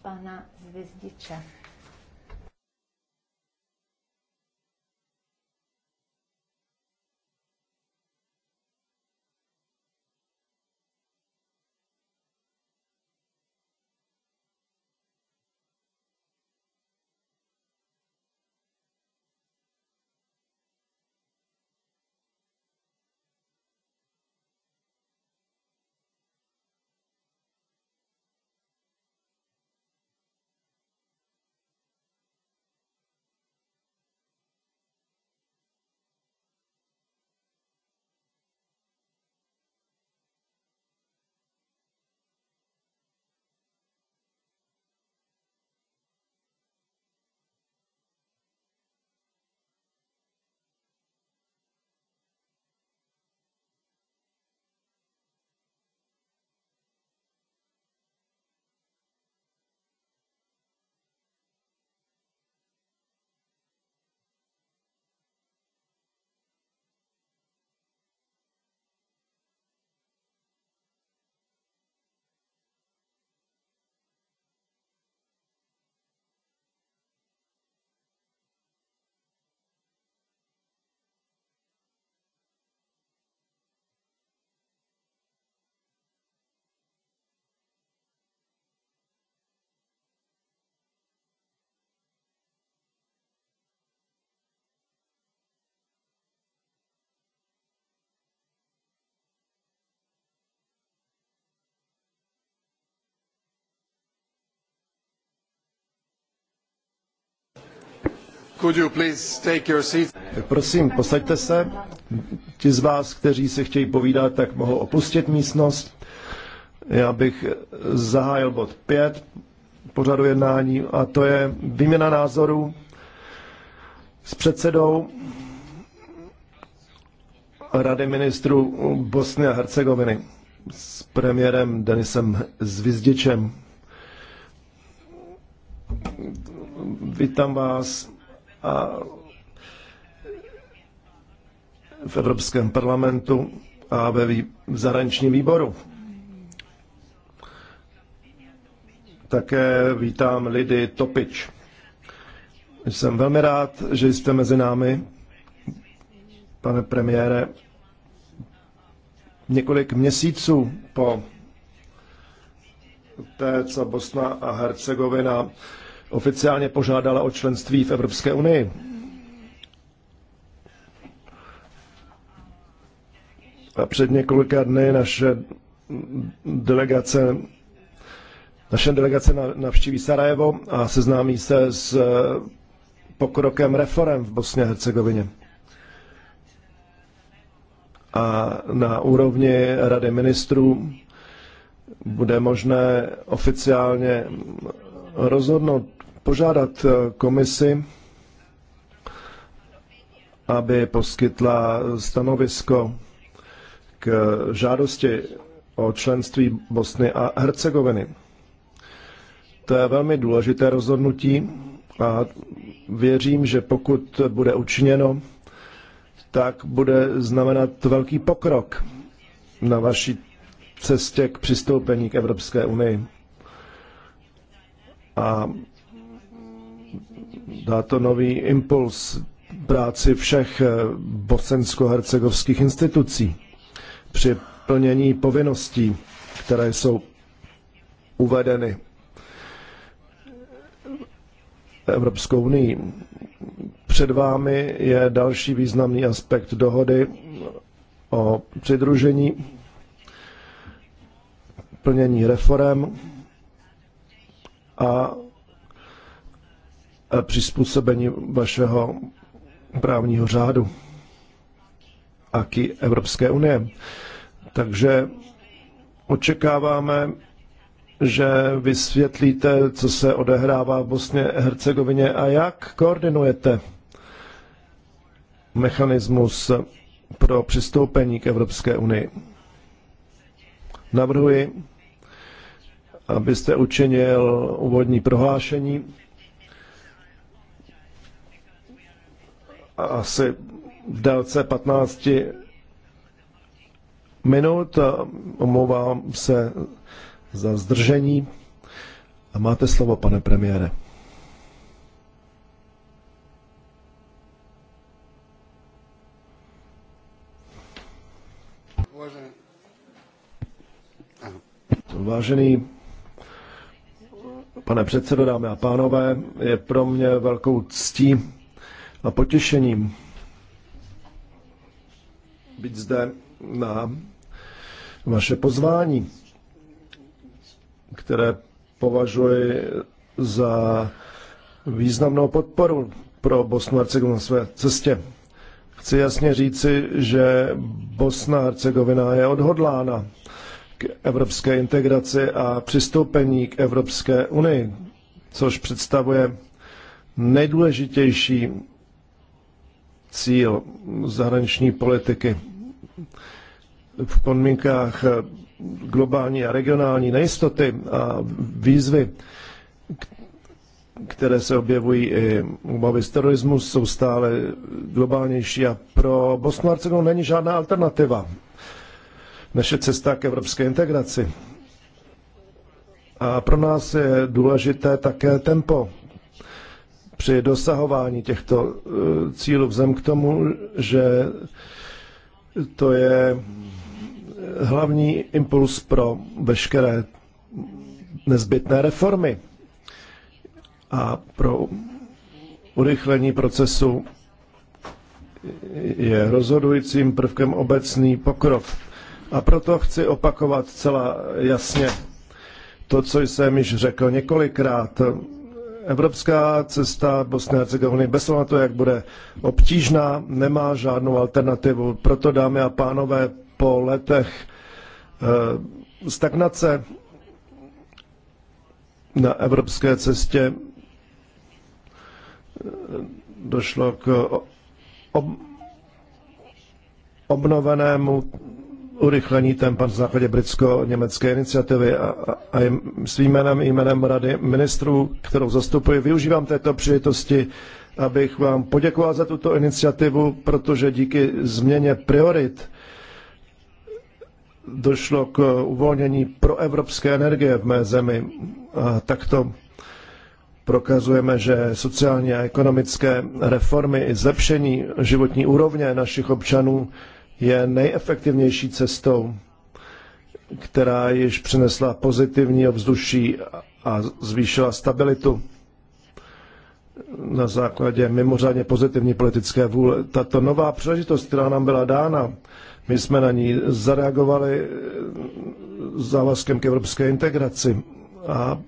pana Zvězdiče. Prosím, posaďte se. Ti z vás, kteří se chtějí povídat, tak mohou opustit místnost. Já bych zahájil bod 5 pořadu jednání a to je výměna názorů s předsedou Rady ministrů Bosny a Hercegoviny s premiérem Denisem Zvizdičem. Vítám vás a v Evropském parlamentu a ve v zahraničním výboru. Také vítám lidi Topič. Jsem velmi rád, že jste mezi námi, pane premiére. Několik měsíců po té, co Bosna a Hercegovina oficiálně požádala o členství v Evropské unii. A před několika dny naše delegace naše delegace navštíví Sarajevo a seznámí se s eh, pokrokem reform v Bosně a Hercegovině. A na úrovni Rady ministrů bude možné oficiálně rozhodnout požádat eh, komisi, aby poskytla stanovisko k žádosti o členství Bosny a Hercegoviny. To je velmi důležité rozhodnutí a věřím, že pokud bude učiněno, tak bude znamenat velký pokrok na vaší cestě k přistoupení k Evropské unii. A dá to nový impuls práci všech eh, bosensko-hercegovských institucí při plnění povinností, které jsou uvedeny Evropskou unii. Před vámi je další významný aspekt dohody o přidružení, plnění reform a Eh, přizpůsobení vašeho právního řádu aky Evropské unie. Takže očekáváme, že vysvětlíte, co se odehrává v Bosně Hercegovině a jak koordinujete mechanismus pro přistoupení k Evropské unii. Navrhuji, abyste učinil úvodní prohlášení asi v délce 15 minut. Omlouvám se za zdržení. A máte slovo, pane premiére. Vážený pane předsedo, dámy a pánové, je pro mě velkou ctí a potěšením být zde na vaše pozvání, které považuji za významnou podporu pro Bosnu a Hercegovinu na své cestě. Chci jasně říci, že Bosna a Hercegovina je odhodlána k evropské integraci a přistoupení k Evropské unii, což představuje nejdůležitější cíl zahraniční politiky v podmínkách eh, globální a regionální nejistoty a výzvy, které se objevují i obavy z terorismu, jsou stále globálnější a pro Bosnu a Hercegovinu není žádná alternativa. Naše cesta k evropské integraci. A pro nás je důležité také tempo při dosahování těchto eh, cílů vzem k tomu, že to je hlavní impuls pro veškeré nezbytné reformy a pro urychlení procesu je rozhodujícím prvkem obecný pokrok. A proto chci opakovat celá jasně to, co jsem již řekl několikrát. Evropská cesta Bosny a Hercegoviny bez ohledu na to, jak bude obtížná, nemá žádnou alternativu. Proto, dámy a pánové, po letech eh, stagnace na evropské cestě eh, došlo k obnovenému urychlení tempa na základě britsko-německé iniciativy a, a, a svým jménem jménem Rady ministrů, kterou zastupuji, využívám této příležitosti, abych vám poděkoval za tuto iniciativu, protože díky změně priorit došlo k uvolnění proevropské energie v mé zemi. A takto prokazujeme, že sociální a ekonomické reformy i zlepšení životní úrovně našich občanů je nejefektivnější cestou, která již přinesla pozitivní ovzduší a zvýšila stabilitu na základě mimořádně pozitivní politické vůle. Tato nová příležitost, která nám byla dána, my jsme na ní zareagovali závazkem k evropské integraci a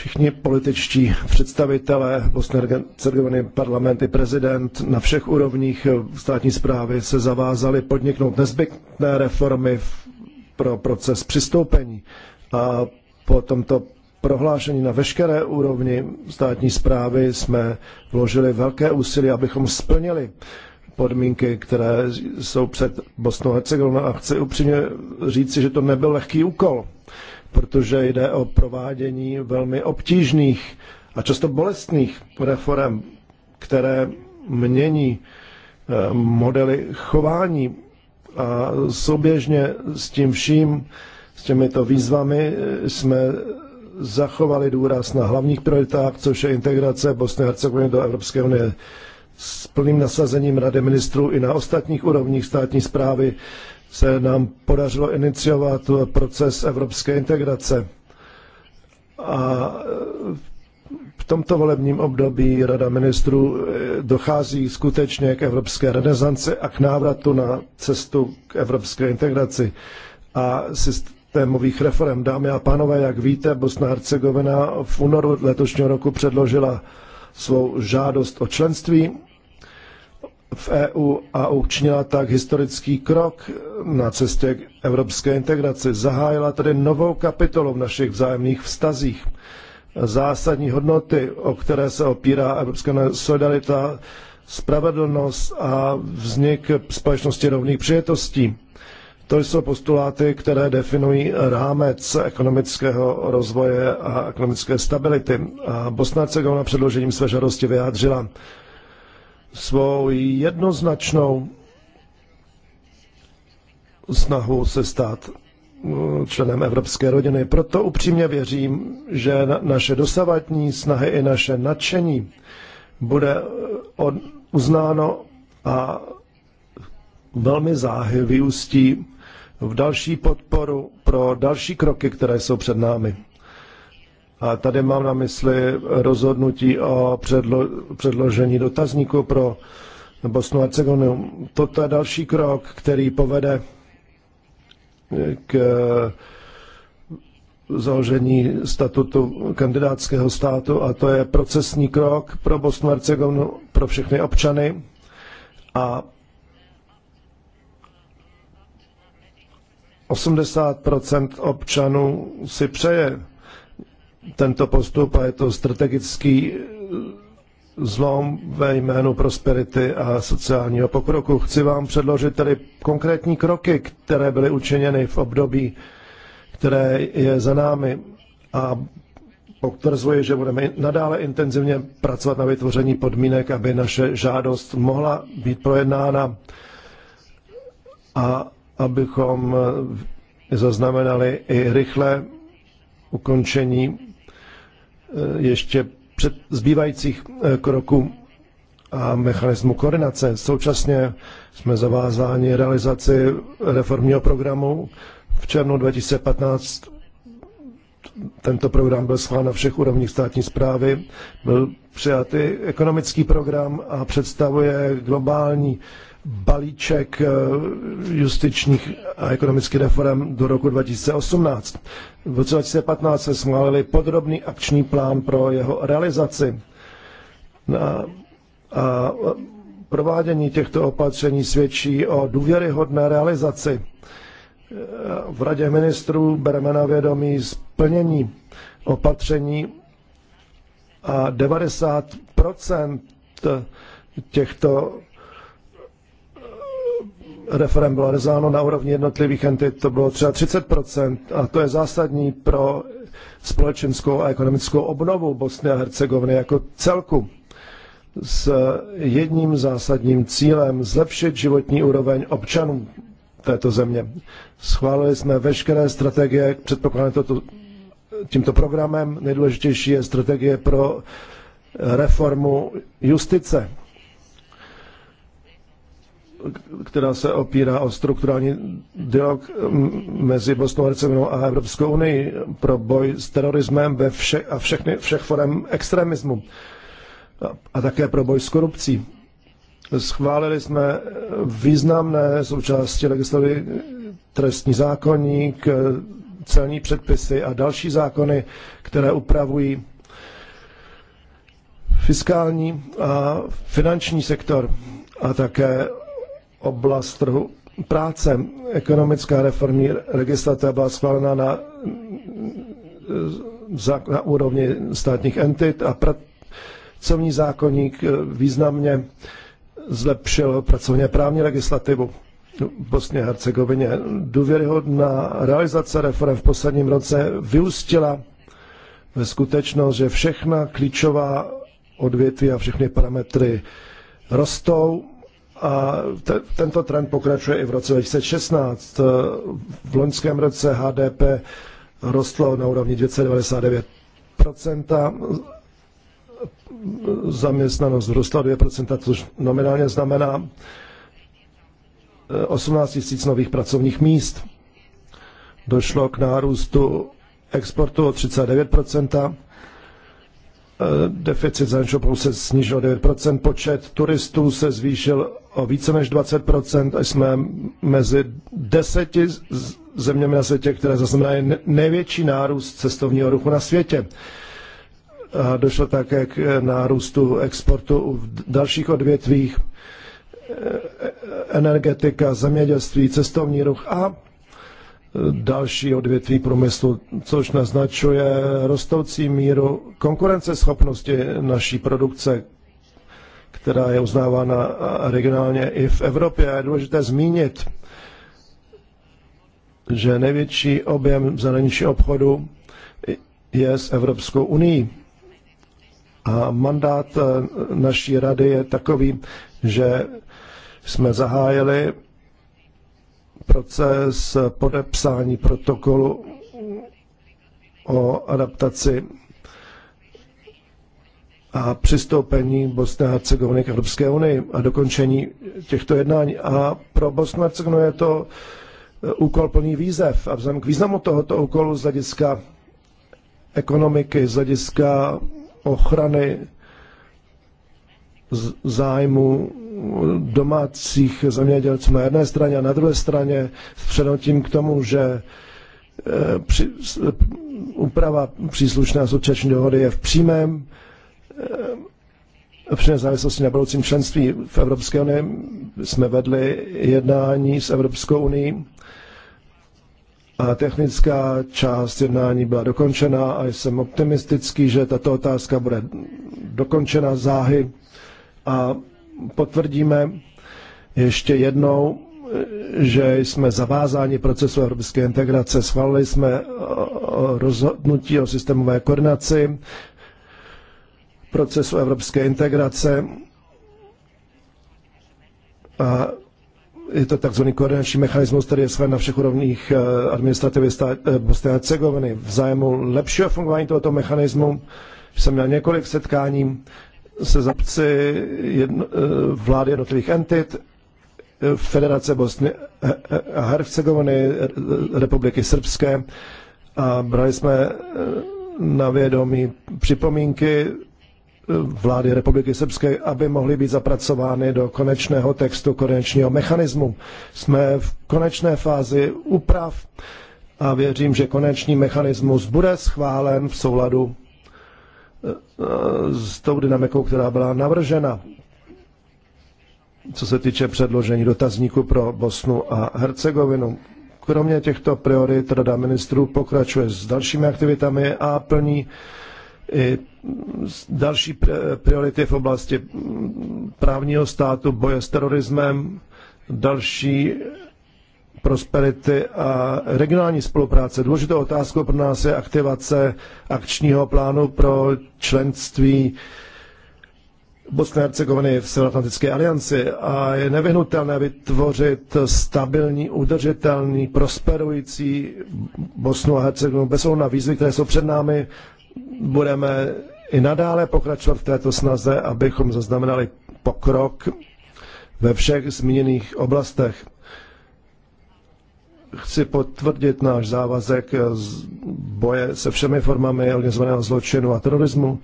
všichni političtí představitelé Bosny Hercegoviny, parlament i prezident na všech úrovních státní zprávy se zavázali podniknout nezbytné reformy pro proces přistoupení. A po tomto prohlášení na veškeré úrovni státní zprávy jsme vložili velké úsilí, abychom splnili podmínky, které jsou před Bosnou Hercegovinou a chci upřímně říci, že to nebyl lehký úkol protože jde o provádění velmi obtížných a často bolestných reform, které mění eh, modely chování a souběžně s tím vším, s těmito výzvami eh, jsme zachovali důraz na hlavních prioritách, což je integrace Bosny a Hercegoviny do Evropské unie s plným nasazením Rady ministrů i na ostatních úrovních státní zprávy se nám podařilo iniciovat proces evropské integrace. A e, v tomto volebním období Rada ministrů e, dochází skutečně k evropské renesanci a k návratu na cestu k evropské integraci a systémových reform. Dámy a pánové, jak víte, Bosna a Hercegovina v únoru letošního roku předložila svou žádost o členství v EU a učinila tak historický krok na cestě k evropské integraci. Zahájila tedy novou kapitolu v našich vzájemných vztazích. Zásadní hodnoty, o které se opírá evropská solidarita, spravedlnost a vznik společnosti rovných přijetostí. To jsou postuláty, které definují rámec ekonomického rozvoje a ekonomické stability. A Bosna Hercegovina předložením své žádosti vyjádřila svou jednoznačnou snahu se stát eh, členem evropské rodiny. Proto upřímně věřím, že naše dosavatní snahy i naše nadšení bude eh, uznáno a velmi záhy vyústí v další podporu pro další kroky, které jsou před námi. A tady mám na mysli rozhodnutí o předlo, předložení dotazníku pro Bosnu a Hercegovinu. Toto je další krok, který povede k založení statutu kandidátského státu a to je procesní krok pro Bosnu a Hercegovinu, pro všechny občany a 80% občanů si přeje tento postup a je to strategický zlom ve jménu prosperity a sociálního pokroku. Chci vám předložit tedy konkrétní kroky, které byly učiněny v období, které je za námi a potvrzuji, že budeme nadále intenzivně pracovat na vytvoření podmínek, aby naše žádost mohla být projednána a abychom zaznamenali i rychlé ukončení Eh, ještě před zbývajících eh, kroků a mechanismu koordinace. Současně jsme zavázáni realizaci reformního programu. V červnu 2015 tento program byl schválen na všech úrovních státní zprávy, byl přijatý ekonomický program a představuje globální balíček eh, justičních a ekonomických reform do roku 2018. V roce 2015 se schválili podrobný akční plán pro jeho realizaci. A, a provádění těchto opatření svědčí o důvěryhodné realizaci. Eh, v Radě ministrů bereme na vědomí splnění opatření a 90 těchto referem bylo rezáno na úrovni jednotlivých entit, to bylo třeba 30%, a to je zásadní pro společenskou a ekonomickou obnovu Bosny a Hercegoviny jako celku s jedním zásadním cílem zlepšit životní úroveň občanů této země. Schválili jsme veškeré strategie, předpokládáme, to tímto programem. Nejdůležitější je strategie pro reformu justice, která se opírá o strukturální dialog mm, mezi Bosnou a Hercegovinou a Evropskou unii pro boj s terorismem ve vše, a všechny, všech forem extremismu a, a také pro boj s korupcí. Schválili jsme významné součásti legislativy trestní zákonník, celní předpisy a další zákony, které upravují fiskální a finanční sektor a také oblast trhu práce. Ekonomická reformní legislativa byla schválena na, na úrovni státních entit a pracovní zákonník významně zlepšil pracovně právní legislativu v Bosně a Hercegovině. Důvěryhodná realizace reform v posledním roce vyústila ve skutečnost, že všechna klíčová odvětví a všechny parametry rostou a te, tento trend pokračuje i v roce 2016. E, v loňském roce HDP rostlo na úrovni 2,99%, zaměstnanost vzrostla 2%, což nominálně znamená 18 e, 000 nových pracovních míst. Došlo k nárůstu exportu o 39%, Eh, deficit zahraničního obchodu se snížil 9%, počet turistů se zvýšil o více než 20% a jsme mezi deseti zeměmi na světě, které zaznamenají největší nárůst cestovního ruchu na světě. A došlo také k eh, nárůstu exportu v dalších odvětvích, eh, energetika, zemědělství, cestovní ruch a další odvětví průmyslu, což naznačuje rostoucí míru konkurenceschopnosti naší produkce, která je uznávána regionálně i v Evropě. A je důležité zmínit, že největší objem zahraničního obchodu je s Evropskou unii. A mandát naší rady je takový, že jsme zahájili proces podepsání protokolu o adaptaci a přistoupení Bosny a Hercegoviny k Evropské unii a dokončení těchto jednání. A pro Bosnu a Hercegovinu je to e, úkol plný výzev. A vzhledem k významu tohoto úkolu z hlediska ekonomiky, z hlediska ochrany zájmu domácích zemědělců na jedné straně a na druhé straně s přenotím k tomu, že e, při, e, úprava příslušné asociační dohody je v přímém e, při nezávislosti na budoucím členství v Evropské unii jsme vedli jednání s Evropskou unii a technická část jednání byla dokončena a jsem optimistický, že tato otázka bude dokončena záhy a potvrdíme ještě jednou, že jsme zavázáni procesu evropské integrace. Schválili jsme eh, rozhodnutí o systémové koordinaci procesu evropské integrace a je to takzvaný koordinační mechanismus, který je schválen na všech úrovních eh, administrativy eh, Bosny a Hercegoviny. V zájmu lepšího fungování tohoto mechanismu jsem měl několik setkání se zapci jedno, eh, vlády jednotlivých entit, eh, Federace Bosny a eh, Hercegoviny, Republiky Srbské a brali jsme na vědomí připomínky vlády Republiky Srbské, aby mohly být zapracovány do konečného textu konečního mechanismu. Jsme v konečné fázi úprav a věřím, že konečný mechanismus bude schválen v souladu s tou dynamikou, která byla navržena, co se týče předložení dotazníku pro Bosnu a Hercegovinu. Kromě těchto priorit Rada ministrů pokračuje s dalšími aktivitami a plní i další priority v oblasti právního státu, boje s terorismem, další prosperity a regionální spolupráce. Důležitou otázkou pro nás je aktivace akčního plánu pro členství Bosny a Hercegoviny v Severoatlantické alianci a je nevyhnutelné vytvořit stabilní, udržitelný, prosperující Bosnu a Hercegovinu. Bez ohledu na výzvy, které jsou před námi, budeme i nadále pokračovat v této snaze, abychom zaznamenali pokrok ve všech zmíněných oblastech chci potvrdit náš závazek z boje se všemi formami organizovaného zločinu a terorismu.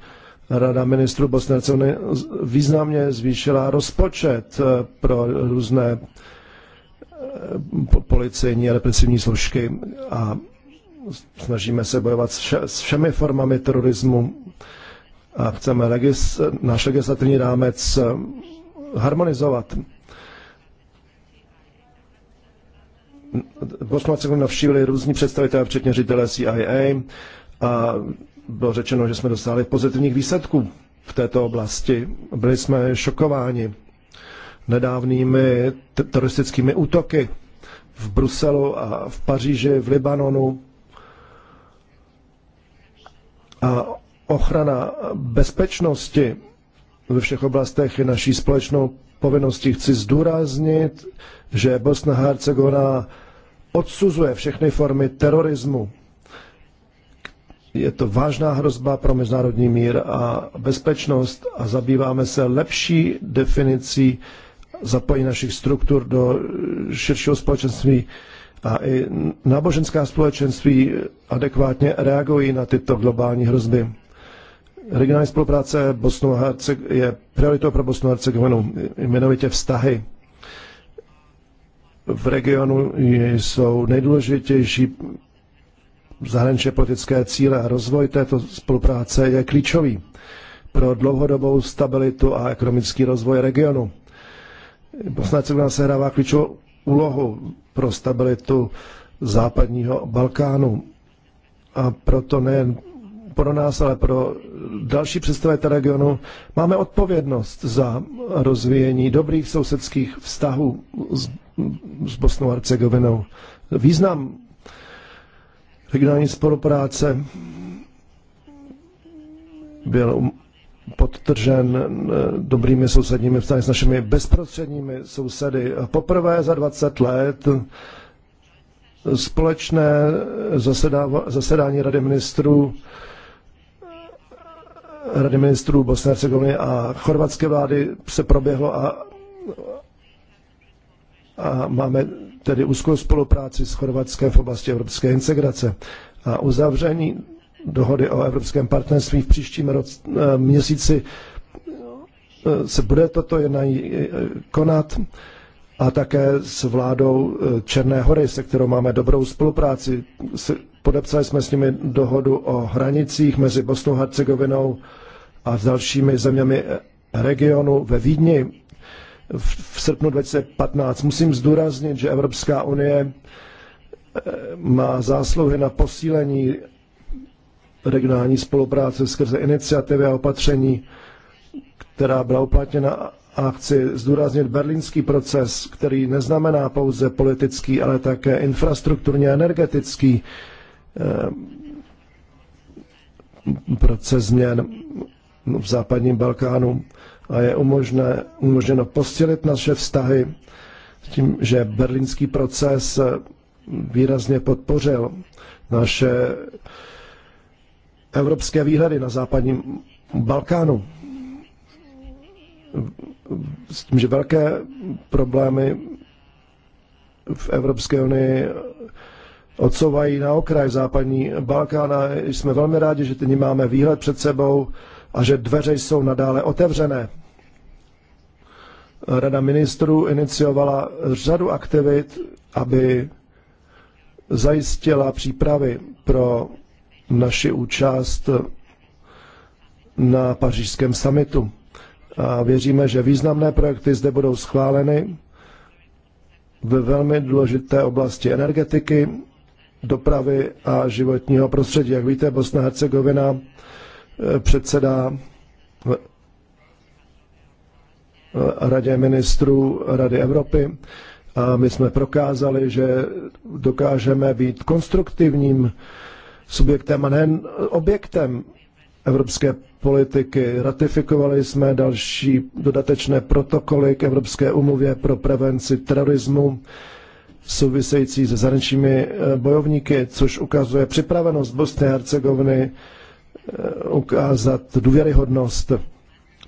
Rada ministrů Bosny a Hercegoviny významně zvýšila rozpočet eh, pro různé eh, policejní a represivní složky a snažíme se bojovat s všemi formami terorismu a chceme legis, náš legislativní rámec eh, harmonizovat. Bosnu navštívili různí představitelé, včetně ředitele CIA a bylo řečeno, že jsme dostali pozitivních výsledků v této oblasti. Byli jsme šokováni nedávnými teroristickými útoky v Bruselu a v Paříži, v Libanonu. A ochrana bezpečnosti ve všech oblastech je naší společnou povinností. Chci zdůraznit, že Bosna a Hercegovina odsuzuje všechny formy terorismu. Je to vážná hrozba pro mezinárodní mír a bezpečnost a zabýváme se lepší definicí zapojení našich struktur do širšího společenství a i náboženská společenství adekvátně reagují na tyto globální hrozby. Regionální spolupráce Bosnu a Herceg je prioritou pro Bosnu a Hercegovinu, jmenovitě vztahy v regionu jsou nejdůležitější zahraničně politické cíle a rozvoj této spolupráce je klíčový pro dlouhodobou stabilitu a ekonomický rozvoj regionu. Bosna Hercegovina hrává klíčovou úlohu pro stabilitu západního Balkánu. A proto nejen pro nás, ale pro další představitele regionu máme odpovědnost za rozvíjení dobrých sousedských vztahů s s Bosnou a Hercegovinou. Význam regionální spolupráce byl podtržen eh, dobrými sousedními vztahy s našimi bezprostředními sousedy. Poprvé za 20 let společné zasedání Rady ministrů Rady ministrů Bosné Hercegoviny a chorvatské vlády se proběhlo a a máme tedy úzkou spolupráci s Chorvatskem v oblasti evropské integrace. A uzavření dohody o evropském partnerství v příštím eh, měsíci eh, se bude toto jednání eh, konat a také s vládou Černé hory, se kterou máme dobrou spolupráci. Podepsali jsme s nimi dohodu o hranicích mezi Bosnou a Hercegovinou a s dalšími zeměmi regionu ve Vídni v srpnu 2015. Musím zdůraznit, že Evropská unie eh, má zásluhy na posílení regionální spolupráce skrze iniciativy a opatření, která byla uplatněna a chci zdůraznit berlínský proces, který neznamená pouze politický, ale také infrastrukturně energetický eh, proces změn v západním Balkánu a je umožné, umožněno postělit naše vztahy tím, že berlínský proces výrazně podpořil naše evropské výhledy na západním Balkánu. S tím, že velké problémy v Evropské unii odsouvají na okraj západní Balkána. jsme velmi rádi, že teď máme výhled před sebou a že dveře jsou nadále otevřené. Rada ministrů iniciovala řadu aktivit, aby zajistila přípravy pro naši účast na pařížském samitu. A věříme, že významné projekty zde budou schváleny ve velmi důležité oblasti energetiky, dopravy a životního prostředí. Jak víte, Bosna Hercegovina Eh, předseda eh, Radě ministrů Rady Evropy. A my jsme prokázali, že dokážeme být konstruktivním subjektem a nejen objektem evropské politiky. Ratifikovali jsme další dodatečné protokoly k Evropské umluvě pro prevenci terorismu související se zahraničními eh, bojovníky, což ukazuje připravenost Bosny a Hercegoviny Eh, ukázat důvěryhodnost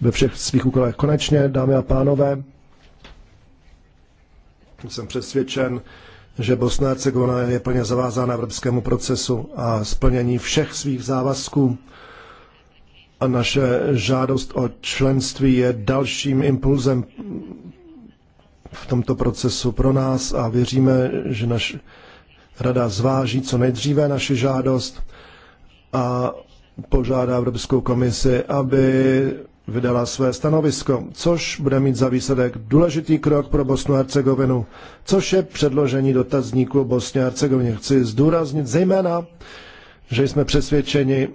ve všech svých úkolech. Konečně, dámy a pánové, jsem přesvědčen, že Bosna a Hercegovina je plně zavázána evropskému procesu a splnění všech svých závazků. A naše žádost o členství je dalším impulzem v tomto procesu pro nás a věříme, že naš rada zváží co nejdříve naši žádost a požádá Evropskou komisi, aby vydala své stanovisko, což bude mít za výsledek důležitý krok pro Bosnu a Hercegovinu, což je předložení dotazníku Bosně a Hercegovině. Chci zdůraznit zejména, že jsme přesvědčeni,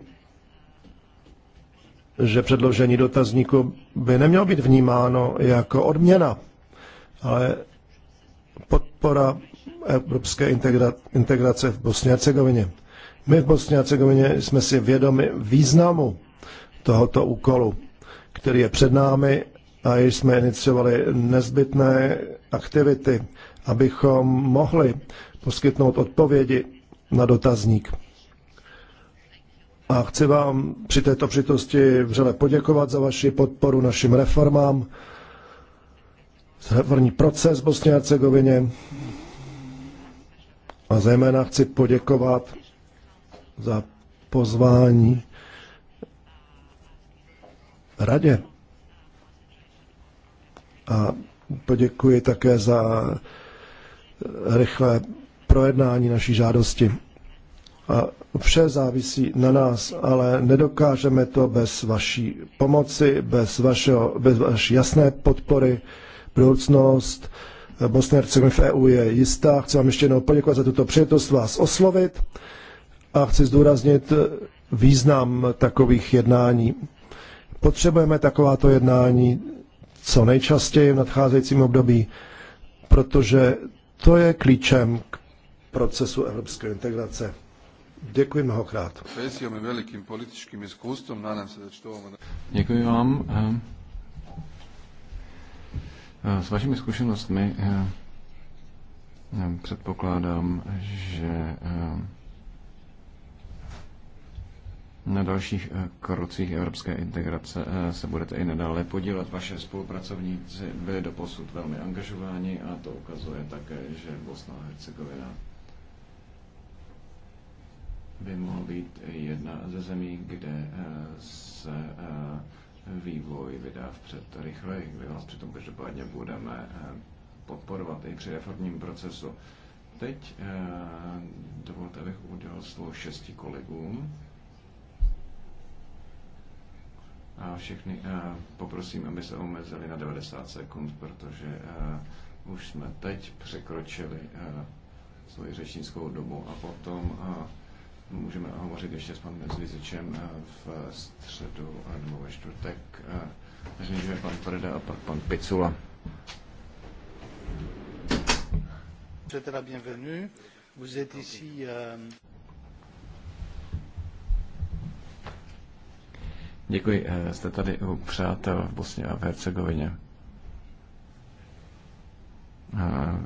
že předložení dotazníku by nemělo být vnímáno jako odměna, ale podpora evropské integrace v Bosně a Hercegovině. My v Bosně a Cegovině jsme si vědomi významu tohoto úkolu, který je před námi a již jsme iniciovali nezbytné aktivity, abychom mohli poskytnout odpovědi na dotazník. A chci vám při této přítosti vřele poděkovat za vaši podporu našim reformám, reformní proces v Bosně a Hercegovině. A zejména chci poděkovat za pozvání radě. A poděkuji také za rychlé projednání naší žádosti. A vše závisí na nás, ale nedokážeme to bez vaší pomoci, bez, vašeho, bez vaší jasné podpory. Budoucnost Bosny a v EU je jistá. Chci vám ještě jednou poděkovat za tuto přijetost vás oslovit a chci zdůraznit význam takových jednání. Potřebujeme takováto jednání co nejčastěji v nadcházejícím období, protože to je klíčem k procesu evropské integrace. Děkuji mnohokrát. velikým politickým iskustvom, nadám se, že to Děkuji vám. Eh, eh, s vašimi zkušenostmi eh, předpokládám, že na dalších eh, krocích evropské integrace eh, se budete i nadále podílet. Vaše spolupracovníci byli doposud velmi angažováni a to ukazuje také, že Bosna a Hercegovina by mohla být jedna ze zemí, kde eh, se vývoj vydá vpřed rychleji, kde vás přitom každopádně budeme podporovat i při reformním procesu. Teď dovolte, abych udělal slovo šesti kolegům. A všechny eh, poprosím, aby se omezili na 90 sekund, protože eh, už jsme teď překročili eh, svoji řečnickou dobu a potom můžeme hovořit ještě s panem Zvizičem v středu nebo ve čtvrtek. že pan Prda a pak pan Picula. Předseda, bienvenue. Vous êtes ici, euh, Děkuji. Eh, jste tady u přátel v Bosně a v Hercegovině.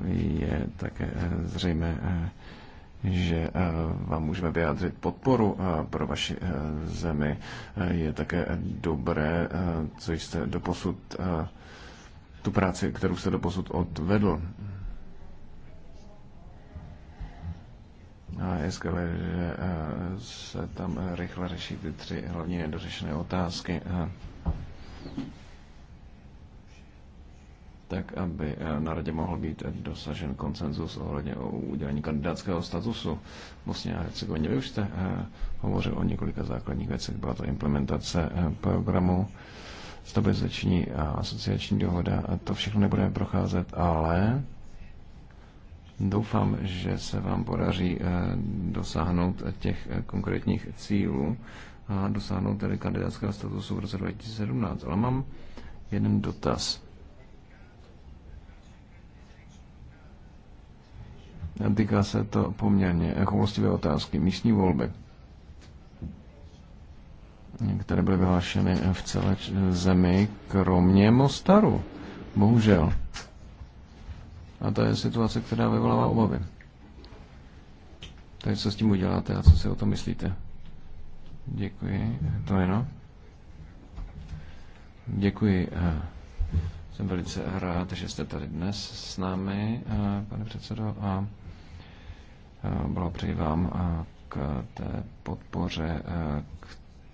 Je také eh, zřejmé, eh, že vám můžeme vyjádřit podporu pro vaši zemi. Je také dobré, co jste doposud, tu práci, kterou jste doposud odvedl. A je skvělé, že eh, se tam eh, rychle řeší ty tři hlavní nedořešené otázky. Eh. Tak, aby na radě mohl být dosažen konsenzus ohledně o udělení kandidátského statusu Bosně a Hercegovině. Vy už jste hovořil o několika základních věcech. Byla to implementace programu, stabilizační a asociační dohoda. To všechno nebude procházet, ale Doufám, že se vám podaří eh, dosáhnout těch eh, konkrétních cílů a dosáhnout tedy kandidátského statusu v roce 2017. Ale mám jeden dotaz. Týká se to poměrně chovostivé jako otázky místní volby, které byly vyhlášeny v celé zemi, kromě Mostaru. Bohužel. A to je situace, která vyvolává obavy. Tak co s tím uděláte a co si o tom myslíte? Děkuji. To je no. Děkuji. Eh, jsem velice rád, že jste tady dnes s námi, eh, pane předsedo, a eh, přeji vám k té podpoře,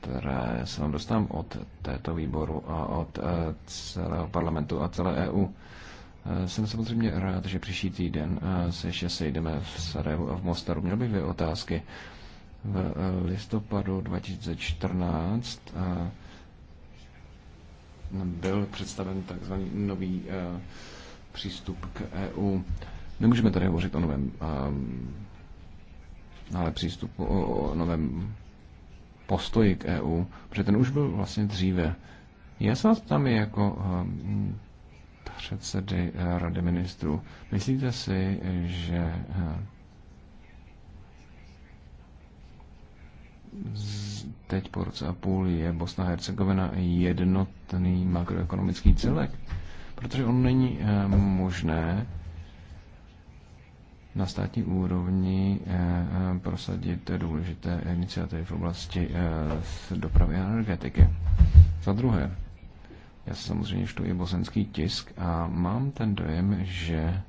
které se vám dostám od této výboru a od celého parlamentu a celé EU. Eh, jsem samozřejmě rád, že příští týden eh, se ještě sejdeme v Sarajevu a v Mostaru. Měl bych dvě otázky. V eh, listopadu 2014 byl představen takzvaný nový přístup k EU. Nemůžeme tady hovořit o novém ale přístupu, o, o novém postoji k EU, protože ten už byl vlastně dříve. Já se vás ptám jako předsedy eh, Rady ministrů. Myslíte si, že eh, teď po roce a půl je Bosna a Hercegovina jednotný makroekonomický celek? Protože on není eh, možné na státní úrovni prosadit důležité iniciativy v oblasti dopravy a energetiky. Za druhé, já samozřejmě čtu i bosenský tisk a mám ten dojem, že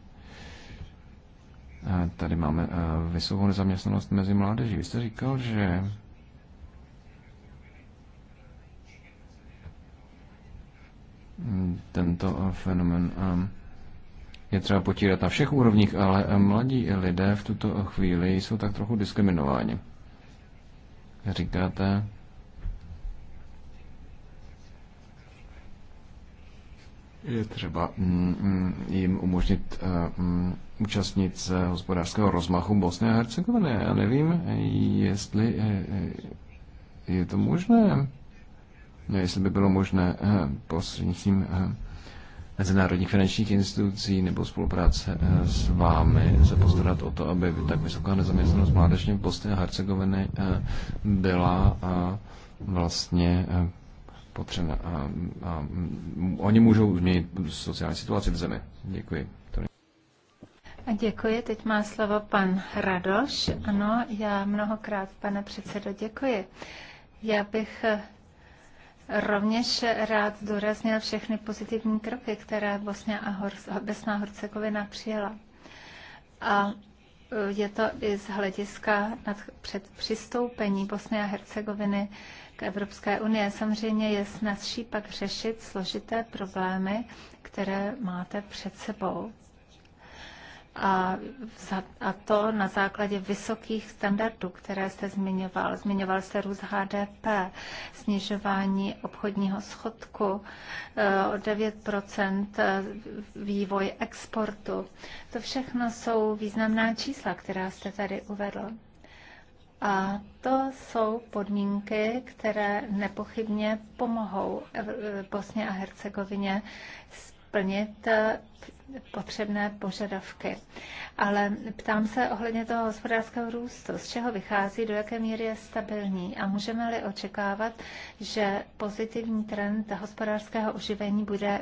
eh, tady máme eh, vysokou nezaměstnanost mezi mládeží. Vy jste říkal, že tento eh, fenomen je třeba potírat na všech úrovních, ale mladí lidé v tuto chvíli jsou tak trochu diskriminováni. Říkáte, je třeba mm, mm, jim umožnit eh, mm, účastnit se hospodářského rozmachu Bosny a Hercegoviny. Já nevím, jestli eh, eh, je to možné, jestli by bylo možné prostřednictvím mezinárodních finančních institucí nebo spolupráce s vámi se postarat o to, aby tak vysoká nezaměstnanost mládežně v Bosně a Hercegoviny byla vlastně potřeba. A, a, oni můžou změnit sociální situaci v zemi. Děkuji. A děkuji. Teď má slovo pan Radoš. Ano, já mnohokrát, pane předsedo, děkuji. Já bych eh, Rovněž rád zdůraznil všechny pozitivní kroky, které Bosna a Hor- Besná Horcegovina přijela. A eh, je to i z hlediska nad, před přistoupení Bosny a Hercegoviny k Evropské unie. Samozřejmě je snazší pak řešit složité problémy, které máte před sebou. A, za, a to na základě vysokých standardů, které jste zmiňoval. Zmiňoval se růst HDP, snižování obchodního schodku eh, o 9 eh, vývoj exportu. To všechno jsou významná čísla, která jste tady uvedl. A to jsou podmínky, které nepochybně pomohou Bosně a Hercegovině splnit eh, potřebné požadavky. Ale ptám se ohledně toho hospodářského růstu, z čeho vychází, do jaké míry je stabilní a můžeme-li očekávat, že pozitivní trend hospodářského oživení bude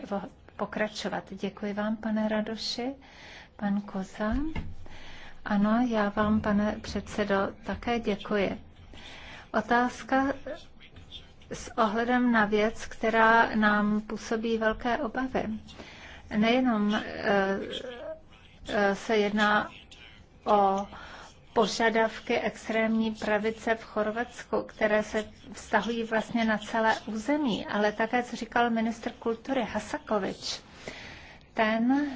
pokračovat. Děkuji vám, pane Radoši. Pan Koza. Ano, já vám, pane předsedo, také děkuji. Otázka s ohledem na věc, která nám působí velké obavy. Nejenom eh, eh, se jedná o požadavky extrémní pravice v Chorvatsku, které se vztahují vlastně na celé území, ale také, co říkal ministr kultury Hasakovič. Ten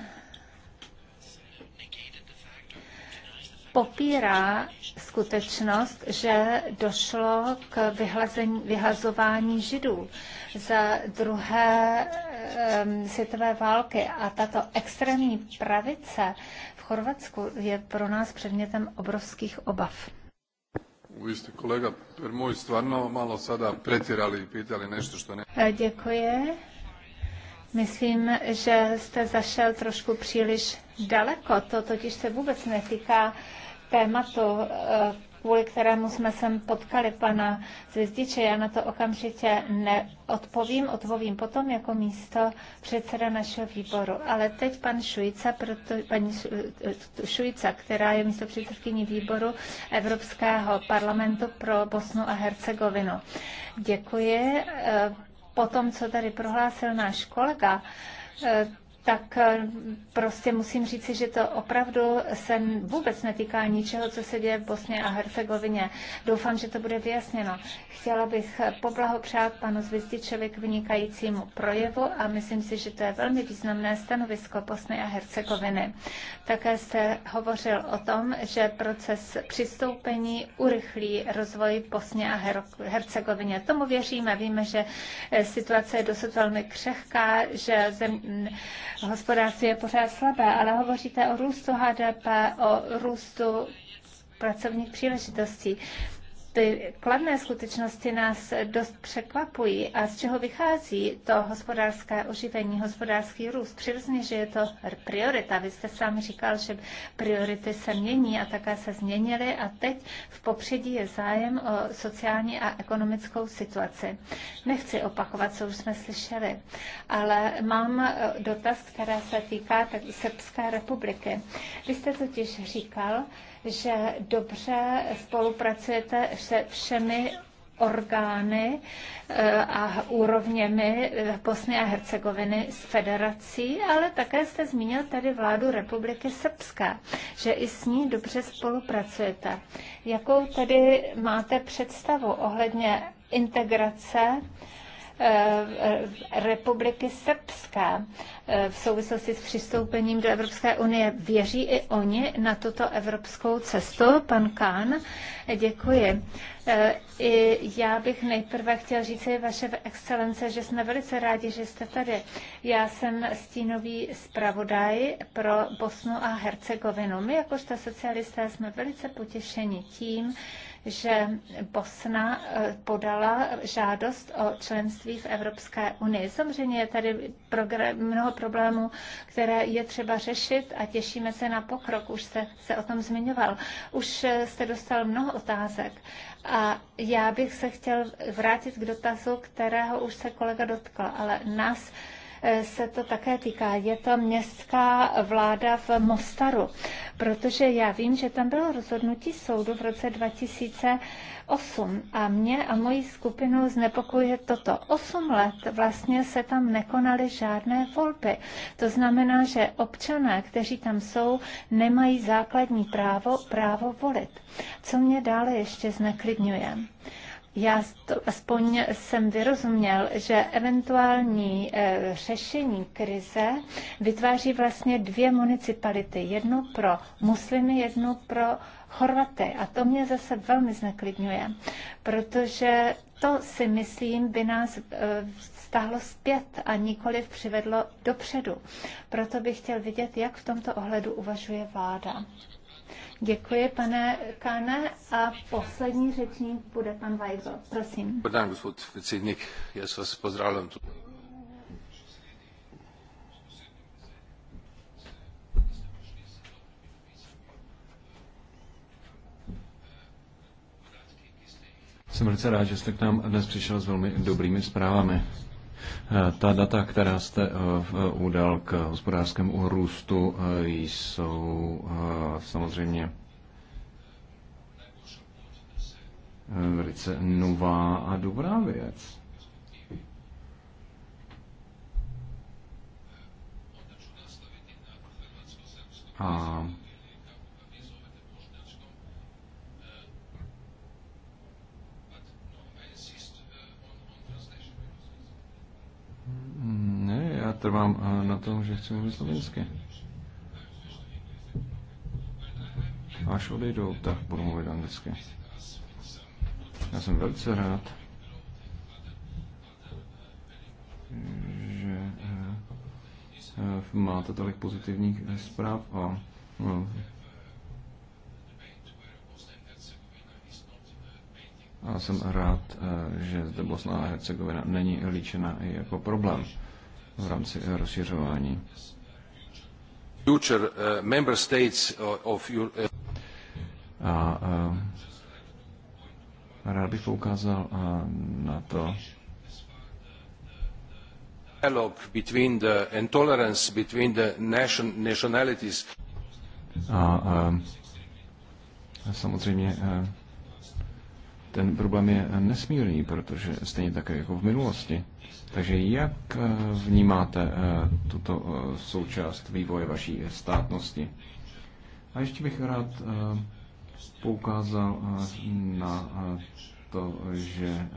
popírá skutečnost, že došlo k vyhazování židů za druhé um, světové války a tato extrémní pravice v Chorvatsku je pro nás předmětem obrovských obav. Vi ste kolega můj stvarno malo sada pretjerali i něco, nešto što ne... E, děkuji. Myslím, že jste zašel trošku příliš daleko. To totiž se vůbec netýká tématu, eh, kvůli kterému jsme sem potkali pana Zvězdiče. Já na to okamžitě neodpovím, odpovím potom jako místo předseda našeho výboru. Ale teď pan Šujica, proto, paní eh, Šujica, která je místo předsedkyní výboru Evropského parlamentu pro Bosnu a Hercegovinu. Děkuji. Eh, po tom, co tady prohlásil náš kolega, eh, tak eh, prostě musím říci, že to opravdu se vůbec netýká ničeho, co se děje v Bosně a Hercegovině. Doufám, že to bude vyjasněno. Chtěla bych poblahopřát panu Zvizdičovi k vynikajícímu projevu a myslím si, že to je velmi významné stanovisko Bosny a Hercegoviny. Také jste hovořil o tom, že proces přistoupení urychlí rozvoj Bosně a Her- Hercegovině. Tomu věříme. Víme, že eh, situace je dosud velmi křehká, že zem- hospodářství je pořád slabé, ale hovoříte o růstu HDP, o růstu pracovních příležitostí ty kladné skutečnosti nás dost překvapují a z čeho vychází to hospodářské oživení, hospodářský růst. Přirozeně, že je to priorita. Vy jste sám říkal, že priority se mění a také se změnily a teď v popředí je zájem o sociální a ekonomickou situaci. Nechci opakovat, co už jsme slyšeli, ale mám eh, dotaz, která se týká Srbské republiky. Vy jste totiž říkal, že dobře spolupracujete se všemi orgány eh, a úrovněmi Bosny a Hercegoviny s federací, ale také jste zmínil tady vládu Republiky Srbské, že i s ní dobře spolupracujete. Jakou tedy máte představu ohledně integrace Eh, republiky Srbska eh, v souvislosti s přistoupením do Evropské unie. Věří i oni na tuto evropskou cestu? Pan Kán, děkuji. Eh, I já bych nejprve chtěl říct, vaše excelence, že jsme velice rádi, že jste tady. Já jsem stínový zpravodaj pro Bosnu a Hercegovinu. My jakožto socialisté jsme velice potěšeni tím, že Bosna eh, podala žádost o členství v Evropské unii. Samozřejmě je tady mnoho problémů, které je třeba řešit a těšíme se na pokrok. Už jste se o tom zmiňoval. Už eh, jste dostal mnoho otázek a já bych se chtěl vrátit k dotazu, kterého už se kolega dotkl, ale nás Eh, se to také týká. Je to městská vláda v Mostaru, protože já vím, že tam bylo rozhodnutí soudu v roce 2000 a mě a moji skupinu znepokojuje toto. 8 let vlastně se tam nekonaly žádné volby. To znamená, že občané, kteří tam jsou, nemají základní právo, právo volit. Co mě dále ještě zneklidňuje? Já to, aspoň jsem vyrozuměl, že eventuální e, řešení krize vytváří vlastně dvě municipality. Jednu pro muslimy, jednu pro Chorvaty. A to mě zase velmi zneklidňuje, protože to si myslím by nás stáhlo eh, zpět a nikoliv přivedlo dopředu. Proto bych chtěl vidět, jak v tomto ohledu uvažuje vláda. Děkuji, pane Kane. A poslední řečník bude pan Weigl. Prosím. Podám, gospod předsednik, já se vás pozdravím. Jsem velice rád, že jste k nám dnes přišel s velmi dobrými zprávami. Eh, ta data, která jste eh, eh, udal k hospodářskému růstu, jsou samozřejmě velice nová a dobrá věc. A Ne, já trvám eh, na tom, že chci mluvit slovensky. Až odejdou, tak budu mluvit anglicky. Já jsem velice rád, že eh, eh, máte tolik pozitivních zpráv a no, A jsem rád, eh, že zde Bosna a Hercegovina není líčena i jako problém v rámci eh, rozšiřování. Future, uh, member states of your, uh... A uh, rád bych poukázal uh, na to, dialogue between the intolerance between the nation, nationalities. A, a samozřejmě a, ten problém je nesmírný, protože stejně tak jako v minulosti. Takže jak eh, vnímáte eh, tuto eh, součást vývoje vaší státnosti? A ještě bych rád poukázal na to, že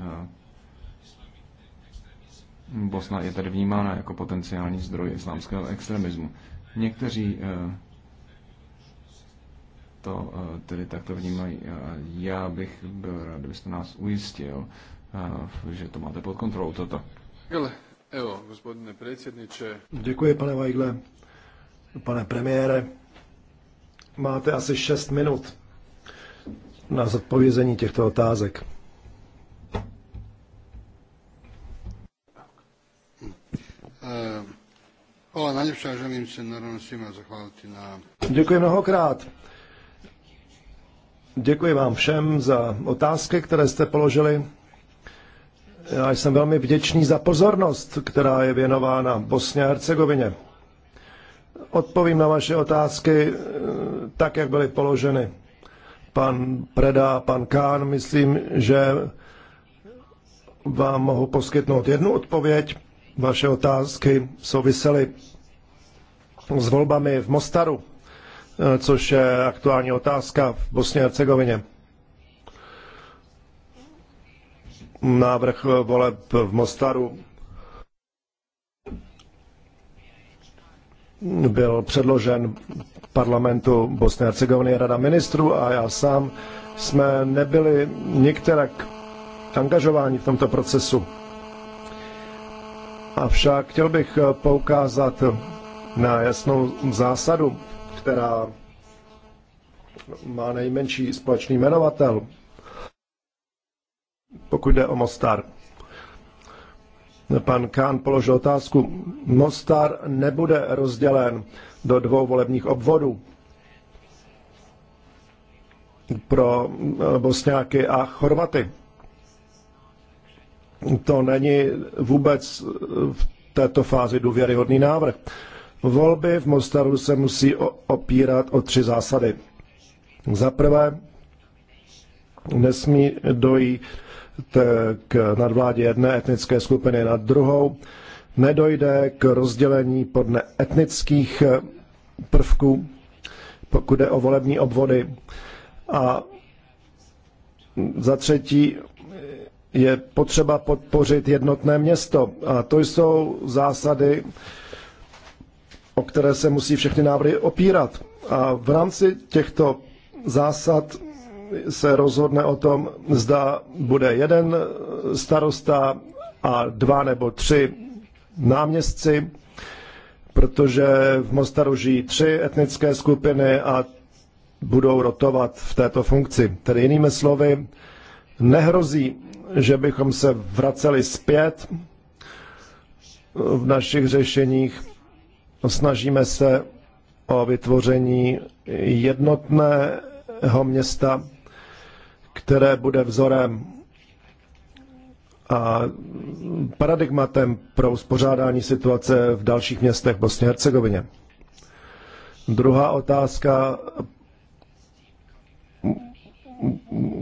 Bosna je tady vnímána jako potenciální zdroj islámského extremismu. Někteří to eh, tedy takto vnímají. Já bych byl rád, kdybyste nás ujistil, eh, že to máte pod kontrolou toto. Děkuji, pane Vajgle, Pane premiére, máte asi 6 minut na zodpovězení těchto otázek. Eh, se naravno svima zahvaliti na... Děkuji mnohokrát. Děkuji vám všem za otázky, které jste položili. Já jsem velmi vděčný za pozornost, která je věnována Bosně a Hercegovině. Odpovím na vaše otázky eh, tak, jak byly položeny. Pan Preda, pan Kán, myslím, že vám mohu poskytnout jednu odpověď. Vaše otázky souvisely s volbami v Mostaru. Eh, což je aktuální otázka v Bosně a Hercegovině. Návrh eh, voleb v Mostaru byl předložen parlamentu Bosny a Hercegoviny Rada ministrů a já sám jsme nebyli některak angažováni v tomto procesu. Avšak chtěl bych eh, poukázat na jasnou zásadu která má nejmenší společný jmenovatel, pokud jde o Mostar. Pan Kán položil otázku. Mostar nebude rozdělen do dvou volebních obvodů pro eh, Bosňáky a Chorvaty. To není vůbec v této fázi důvěryhodný návrh. Volby v Mostaru se musí opírat o tři zásady. Za prvé, nesmí dojít k nadvládě jedné etnické skupiny nad druhou, nedojde k rozdělení podle etnických eh, prvků, pokud jde o volební obvody. A za třetí je potřeba podpořit jednotné město. A to jsou zásady, o které se musí všechny návrhy opírat. A v rámci těchto zásad se rozhodne o tom, zda bude jeden starosta a dva nebo tři náměstci, protože v Mostaru žijí tři etnické skupiny a budou rotovat v této funkci. Tedy jinými slovy, nehrozí, že bychom se vraceli zpět v našich řešeních Snažíme se o vytvoření jednotného města, které bude vzorem a paradigmatem pro uspořádání situace v dalších městech Bosně a Hercegovině. Druhá otázka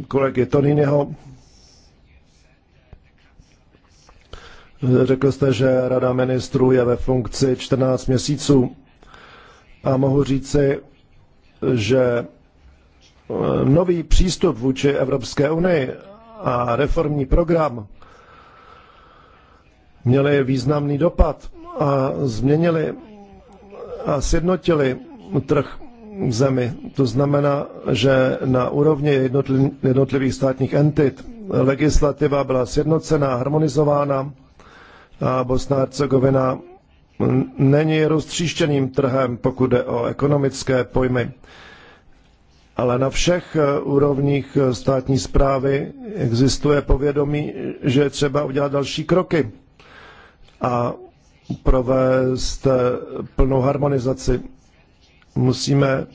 kolegy Toninyho Řekl jste, že Rada ministrů je ve funkci 14 měsíců a mohu říci, že eh, nový přístup vůči Evropské unii a reformní program měli významný dopad a změnili a sjednotili trh v zemi. To znamená, že na úrovni jednotlivých státních entit legislativa byla sjednocena, harmonizována a Bosna a Hercegovina není roztříštěným trhem, pokud jde o ekonomické pojmy. Ale na všech eh, úrovních eh, státní zprávy existuje povědomí, že je třeba udělat další kroky a provést eh, plnou harmonizaci. Musíme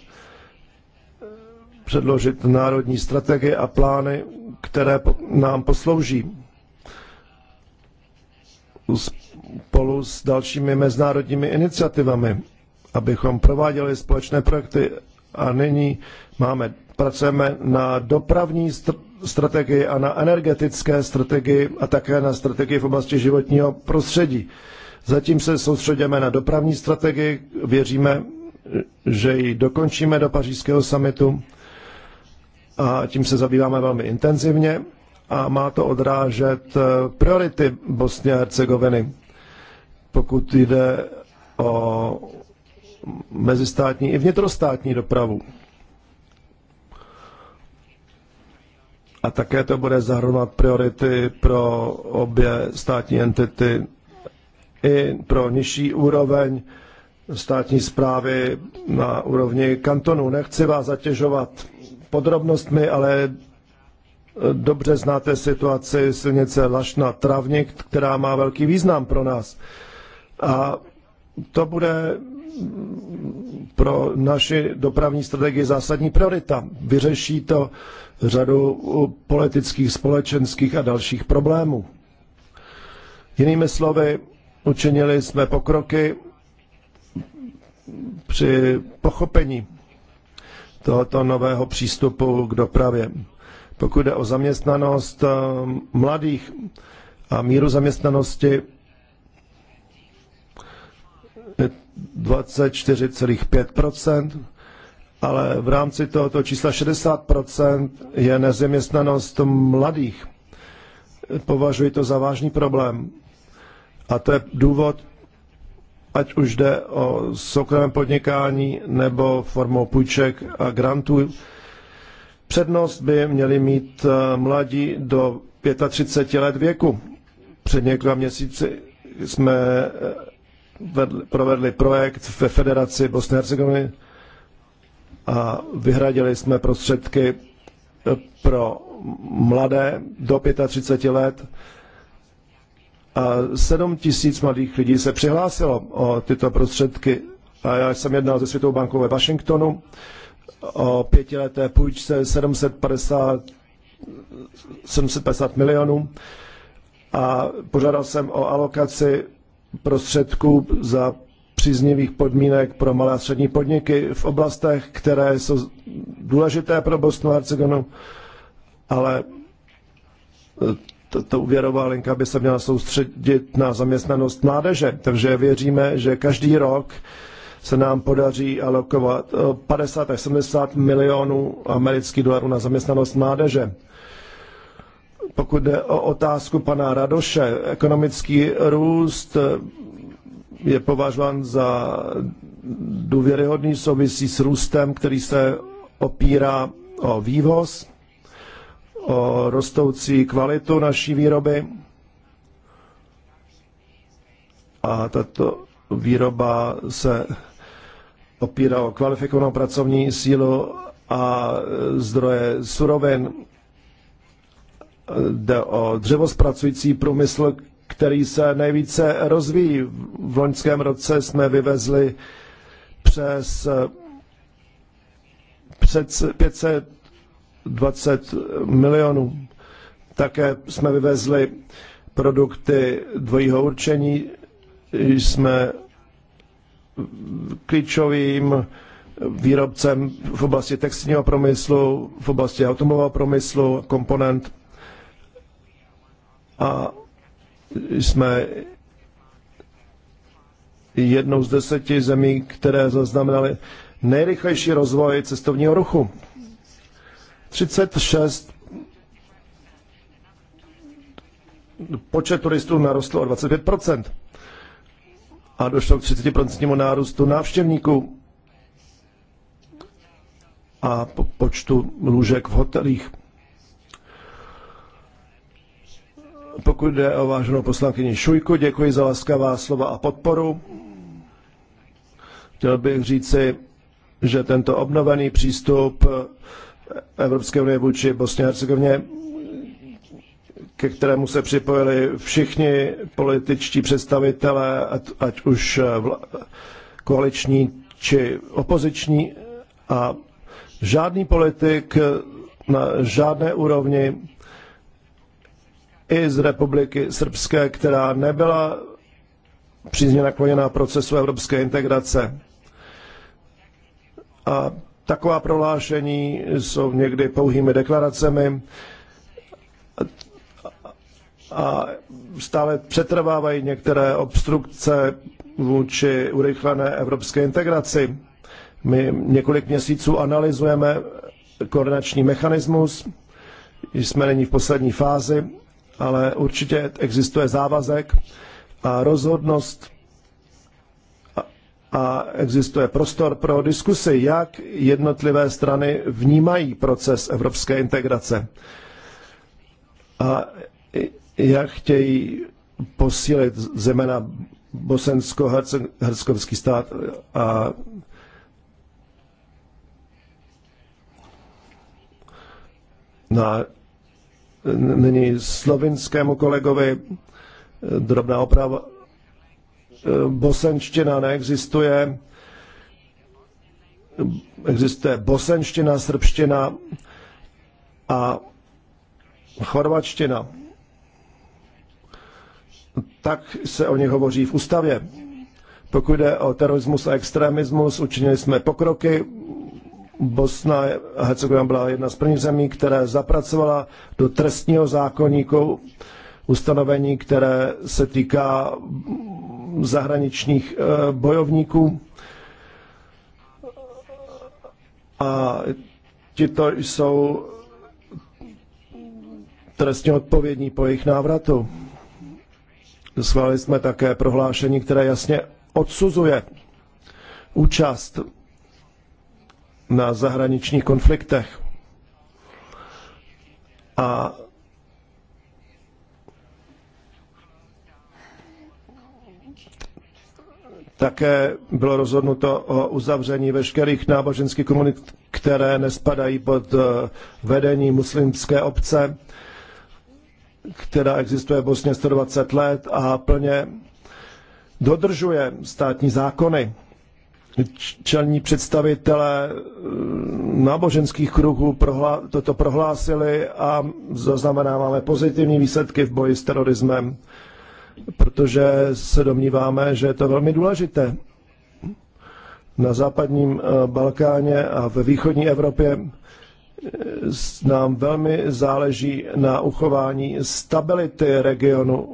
předložit národní strategie a plány, které nám poslouží spolu s dalšími mezinárodními iniciativami, abychom prováděli společné projekty. A nyní máme, pracujeme na dopravní strategii a na energetické strategii a také na strategii v oblasti životního prostředí. Zatím se soustředíme na dopravní strategii, věříme, že ji dokončíme do pařížského samitu a tím se zabýváme velmi intenzivně a má to odrážet eh, priority Bosně a Hercegoviny. Pokud jde o mezistátní i vnitrostátní dopravu. A také to bude zahrnovat priority pro obě státní entity i pro nižší úroveň státní zprávy na úrovni kantonu. Nechci vás zatěžovat podrobnostmi, ale Dobře znáte situaci silnice Lašna Travnik, která má velký význam pro nás. A to bude pro naši dopravní strategii zásadní priorita. Vyřeší to řadu politických, společenských a dalších problémů. Jinými slovy, učinili jsme pokroky při pochopení tohoto nového přístupu k dopravě pokud jde o zaměstnanost eh, mladých a míru zaměstnanosti 24,5%, ale v rámci tohoto čísla 60% je nezaměstnanost mladých. Považuji to za vážný problém. A to je důvod, ať už jde o soukromé podnikání nebo formou půjček a grantů, Přednost by měli mít eh, mladí do 35 let věku. Před několika měsíci jsme eh, vedli, provedli projekt ve Federaci Bosny a Hercegoviny a vyhradili jsme prostředky eh, pro mladé do 35 let. A 7 tisíc mladých lidí se přihlásilo o tyto prostředky. A já jsem jednal se Světovou bankou ve Washingtonu o pětileté půjčce 750, 750 milionů a požádal jsem o alokaci prostředků za příznivých podmínek pro malé a střední podniky v oblastech, které jsou důležité pro Bosnu a Hercegovinu, ale tato e, úvěrová linka by se měla soustředit na zaměstnanost mládeže. Takže věříme, že každý rok se nám podaří alokovat 50 eh, až 70 milionů amerických dolarů na zaměstnanost mládeže. Pokud jde o otázku pana Radoše, ekonomický růst eh, je považován za důvěryhodný, souvisí s růstem, který se opírá o vývoz, o rostoucí kvalitu naší výroby. A tato výroba se opírá o kvalifikovanou pracovní sílu a zdroje surovin. Jde o dřevospracující průmysl, který se nejvíce rozvíjí. V loňském roce jsme vyvezli přes 520 milionů. Také jsme vyvezli produkty dvojího určení, jsme klíčovým výrobcem v oblasti textilního promyslu, v oblasti automobilového promyslu, komponent. A jsme jednou z deseti zemí, které zaznamenaly nejrychlejší rozvoj cestovního ruchu. 36 počet turistů narostl o 25 a došlo k 30% nárůstu návštěvníků a po počtu lůžek v hotelích. Pokud jde o váženou poslankyni Šujku, děkuji za laskavá slova a podporu. Chtěl bych říci, že tento obnovený přístup Evropské unie vůči Bosně a Hercegovině ke kterému se připojili všichni političtí představitelé, ať už eh, koaliční či opoziční. A žádný politik eh, na žádné úrovni i z republiky srbské, která nebyla přízně nakloněná procesu evropské integrace. A taková prohlášení jsou někdy pouhými deklaracemi, a stále přetrvávají některé obstrukce vůči urychlené evropské integraci. My několik měsíců analyzujeme koordinační mechanismus, jsme není v poslední fázi, ale určitě existuje závazek a rozhodnost a existuje prostor pro diskusy, jak jednotlivé strany vnímají proces evropské integrace. A jak chtějí posílit zemena bosensko-hercegovský stát a na nyní slovinskému kolegovi drobná oprava. Bosenština neexistuje. Existuje bosenština, srbština a chorvačtina tak se o nich hovoří v ústavě. Pokud jde o terorismus a extremismus, učinili jsme pokroky. Bosna a Hercegovina byla jedna z prvních zemí, které zapracovala do trestního zákoníku ustanovení, které se týká zahraničních eh, bojovníků. A tito jsou trestně odpovědní po jejich návratu. Schválili jsme také prohlášení, které jasně odsuzuje účast na zahraničních konfliktech. A Také bylo rozhodnuto o uzavření veškerých náboženských komunit, které nespadají pod eh, vedení muslimské obce která existuje v Bosně 120 let a plně dodržuje státní zákony. Čelní představitelé eh, náboženských kruhů toto prohlásili a zaznamenáváme pozitivní výsledky v boji s terorismem, protože se domníváme, že je to velmi důležité. Na západním eh, Balkáně a ve východní Evropě nám velmi záleží na uchování stability regionu.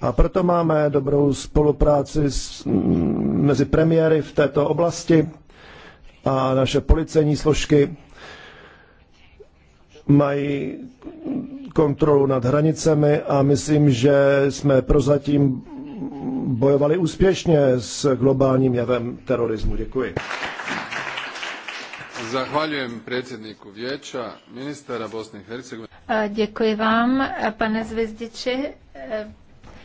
A proto máme dobrou spolupráci s, mezi premiéry v této oblasti a naše policejní složky mají kontrolu nad hranicemi a myslím, že jsme prozatím bojovali úspěšně s globálním jevem terorismu. Děkuji. Zahvaljujem predsjedniku vijeća ministara Bosne i Hercegovine. E, děkuji vám, e, pane Zvezdiči, e,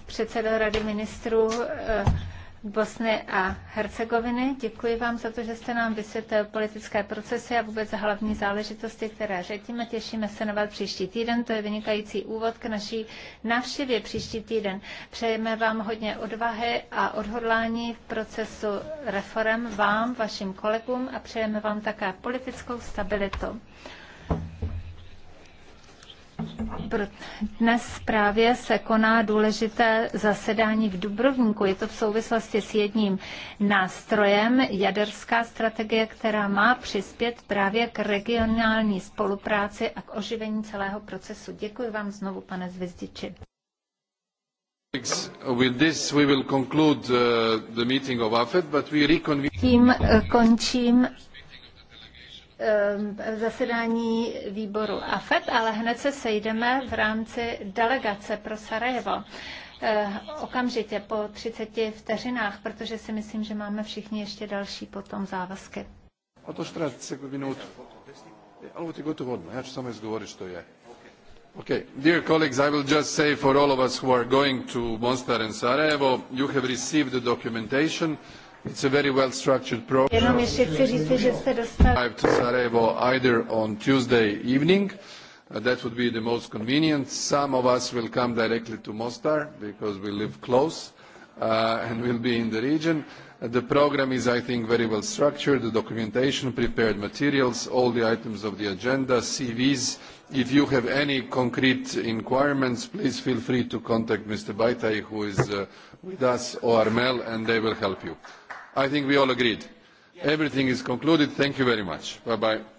předsedo Rady ministrů Bosny a Hercegoviny. Děkuji vám za to, že jste nám vysvětlil politické procesy a vůbec hlavní záležitosti, které řetíme. Těšíme se na vás příští týden. To je vynikající úvod k naší návštěvě příští týden. Přejeme vám hodně odvahy a odhodlání v procesu reform vám, vašim kolegům a přejeme vám také politickou stabilitu. Dnes právě se koná důležité zasedání v Dubrovníku. Je to v souvislosti s jedním nástrojem, jaderská strategie, která má přispět právě k regionální spolupráci a k oživení celého procesu. Děkuji vám znovu, pane Zvězdiči. Tím končím Ehm, zasedání výboru AFET, ale hned se sejdeme v rámci delegace pro Sarajevo eh, okamžitě po 30 vteřinách, protože si myslím, že máme všichni ještě další potom závazky. A to 40 minut. Ovo ti gotovo odmah, ja ću samo izgovoriti što je. Okay, dear colleagues, I will just say for all of us who are going to Mostar and Sarajevo, you have received the documentation. It's a very well structured program. Jenom ještě chci říct, že jste dostali... ...to Sarajevo either on Tuesday evening, uh, that would be the most convenient. Some of us will come directly to Mostar because we live close uh, and will be in the region. Uh, the program is, I think, very well structured, the documentation, prepared materials, all the items of the agenda, CVs. If you have any concrete requirements, please feel free to contact Mr. Baitai, who is uh, with us, or Armel, and they will help you i think we all agreed. everything is concluded. thank you very much. bye bye.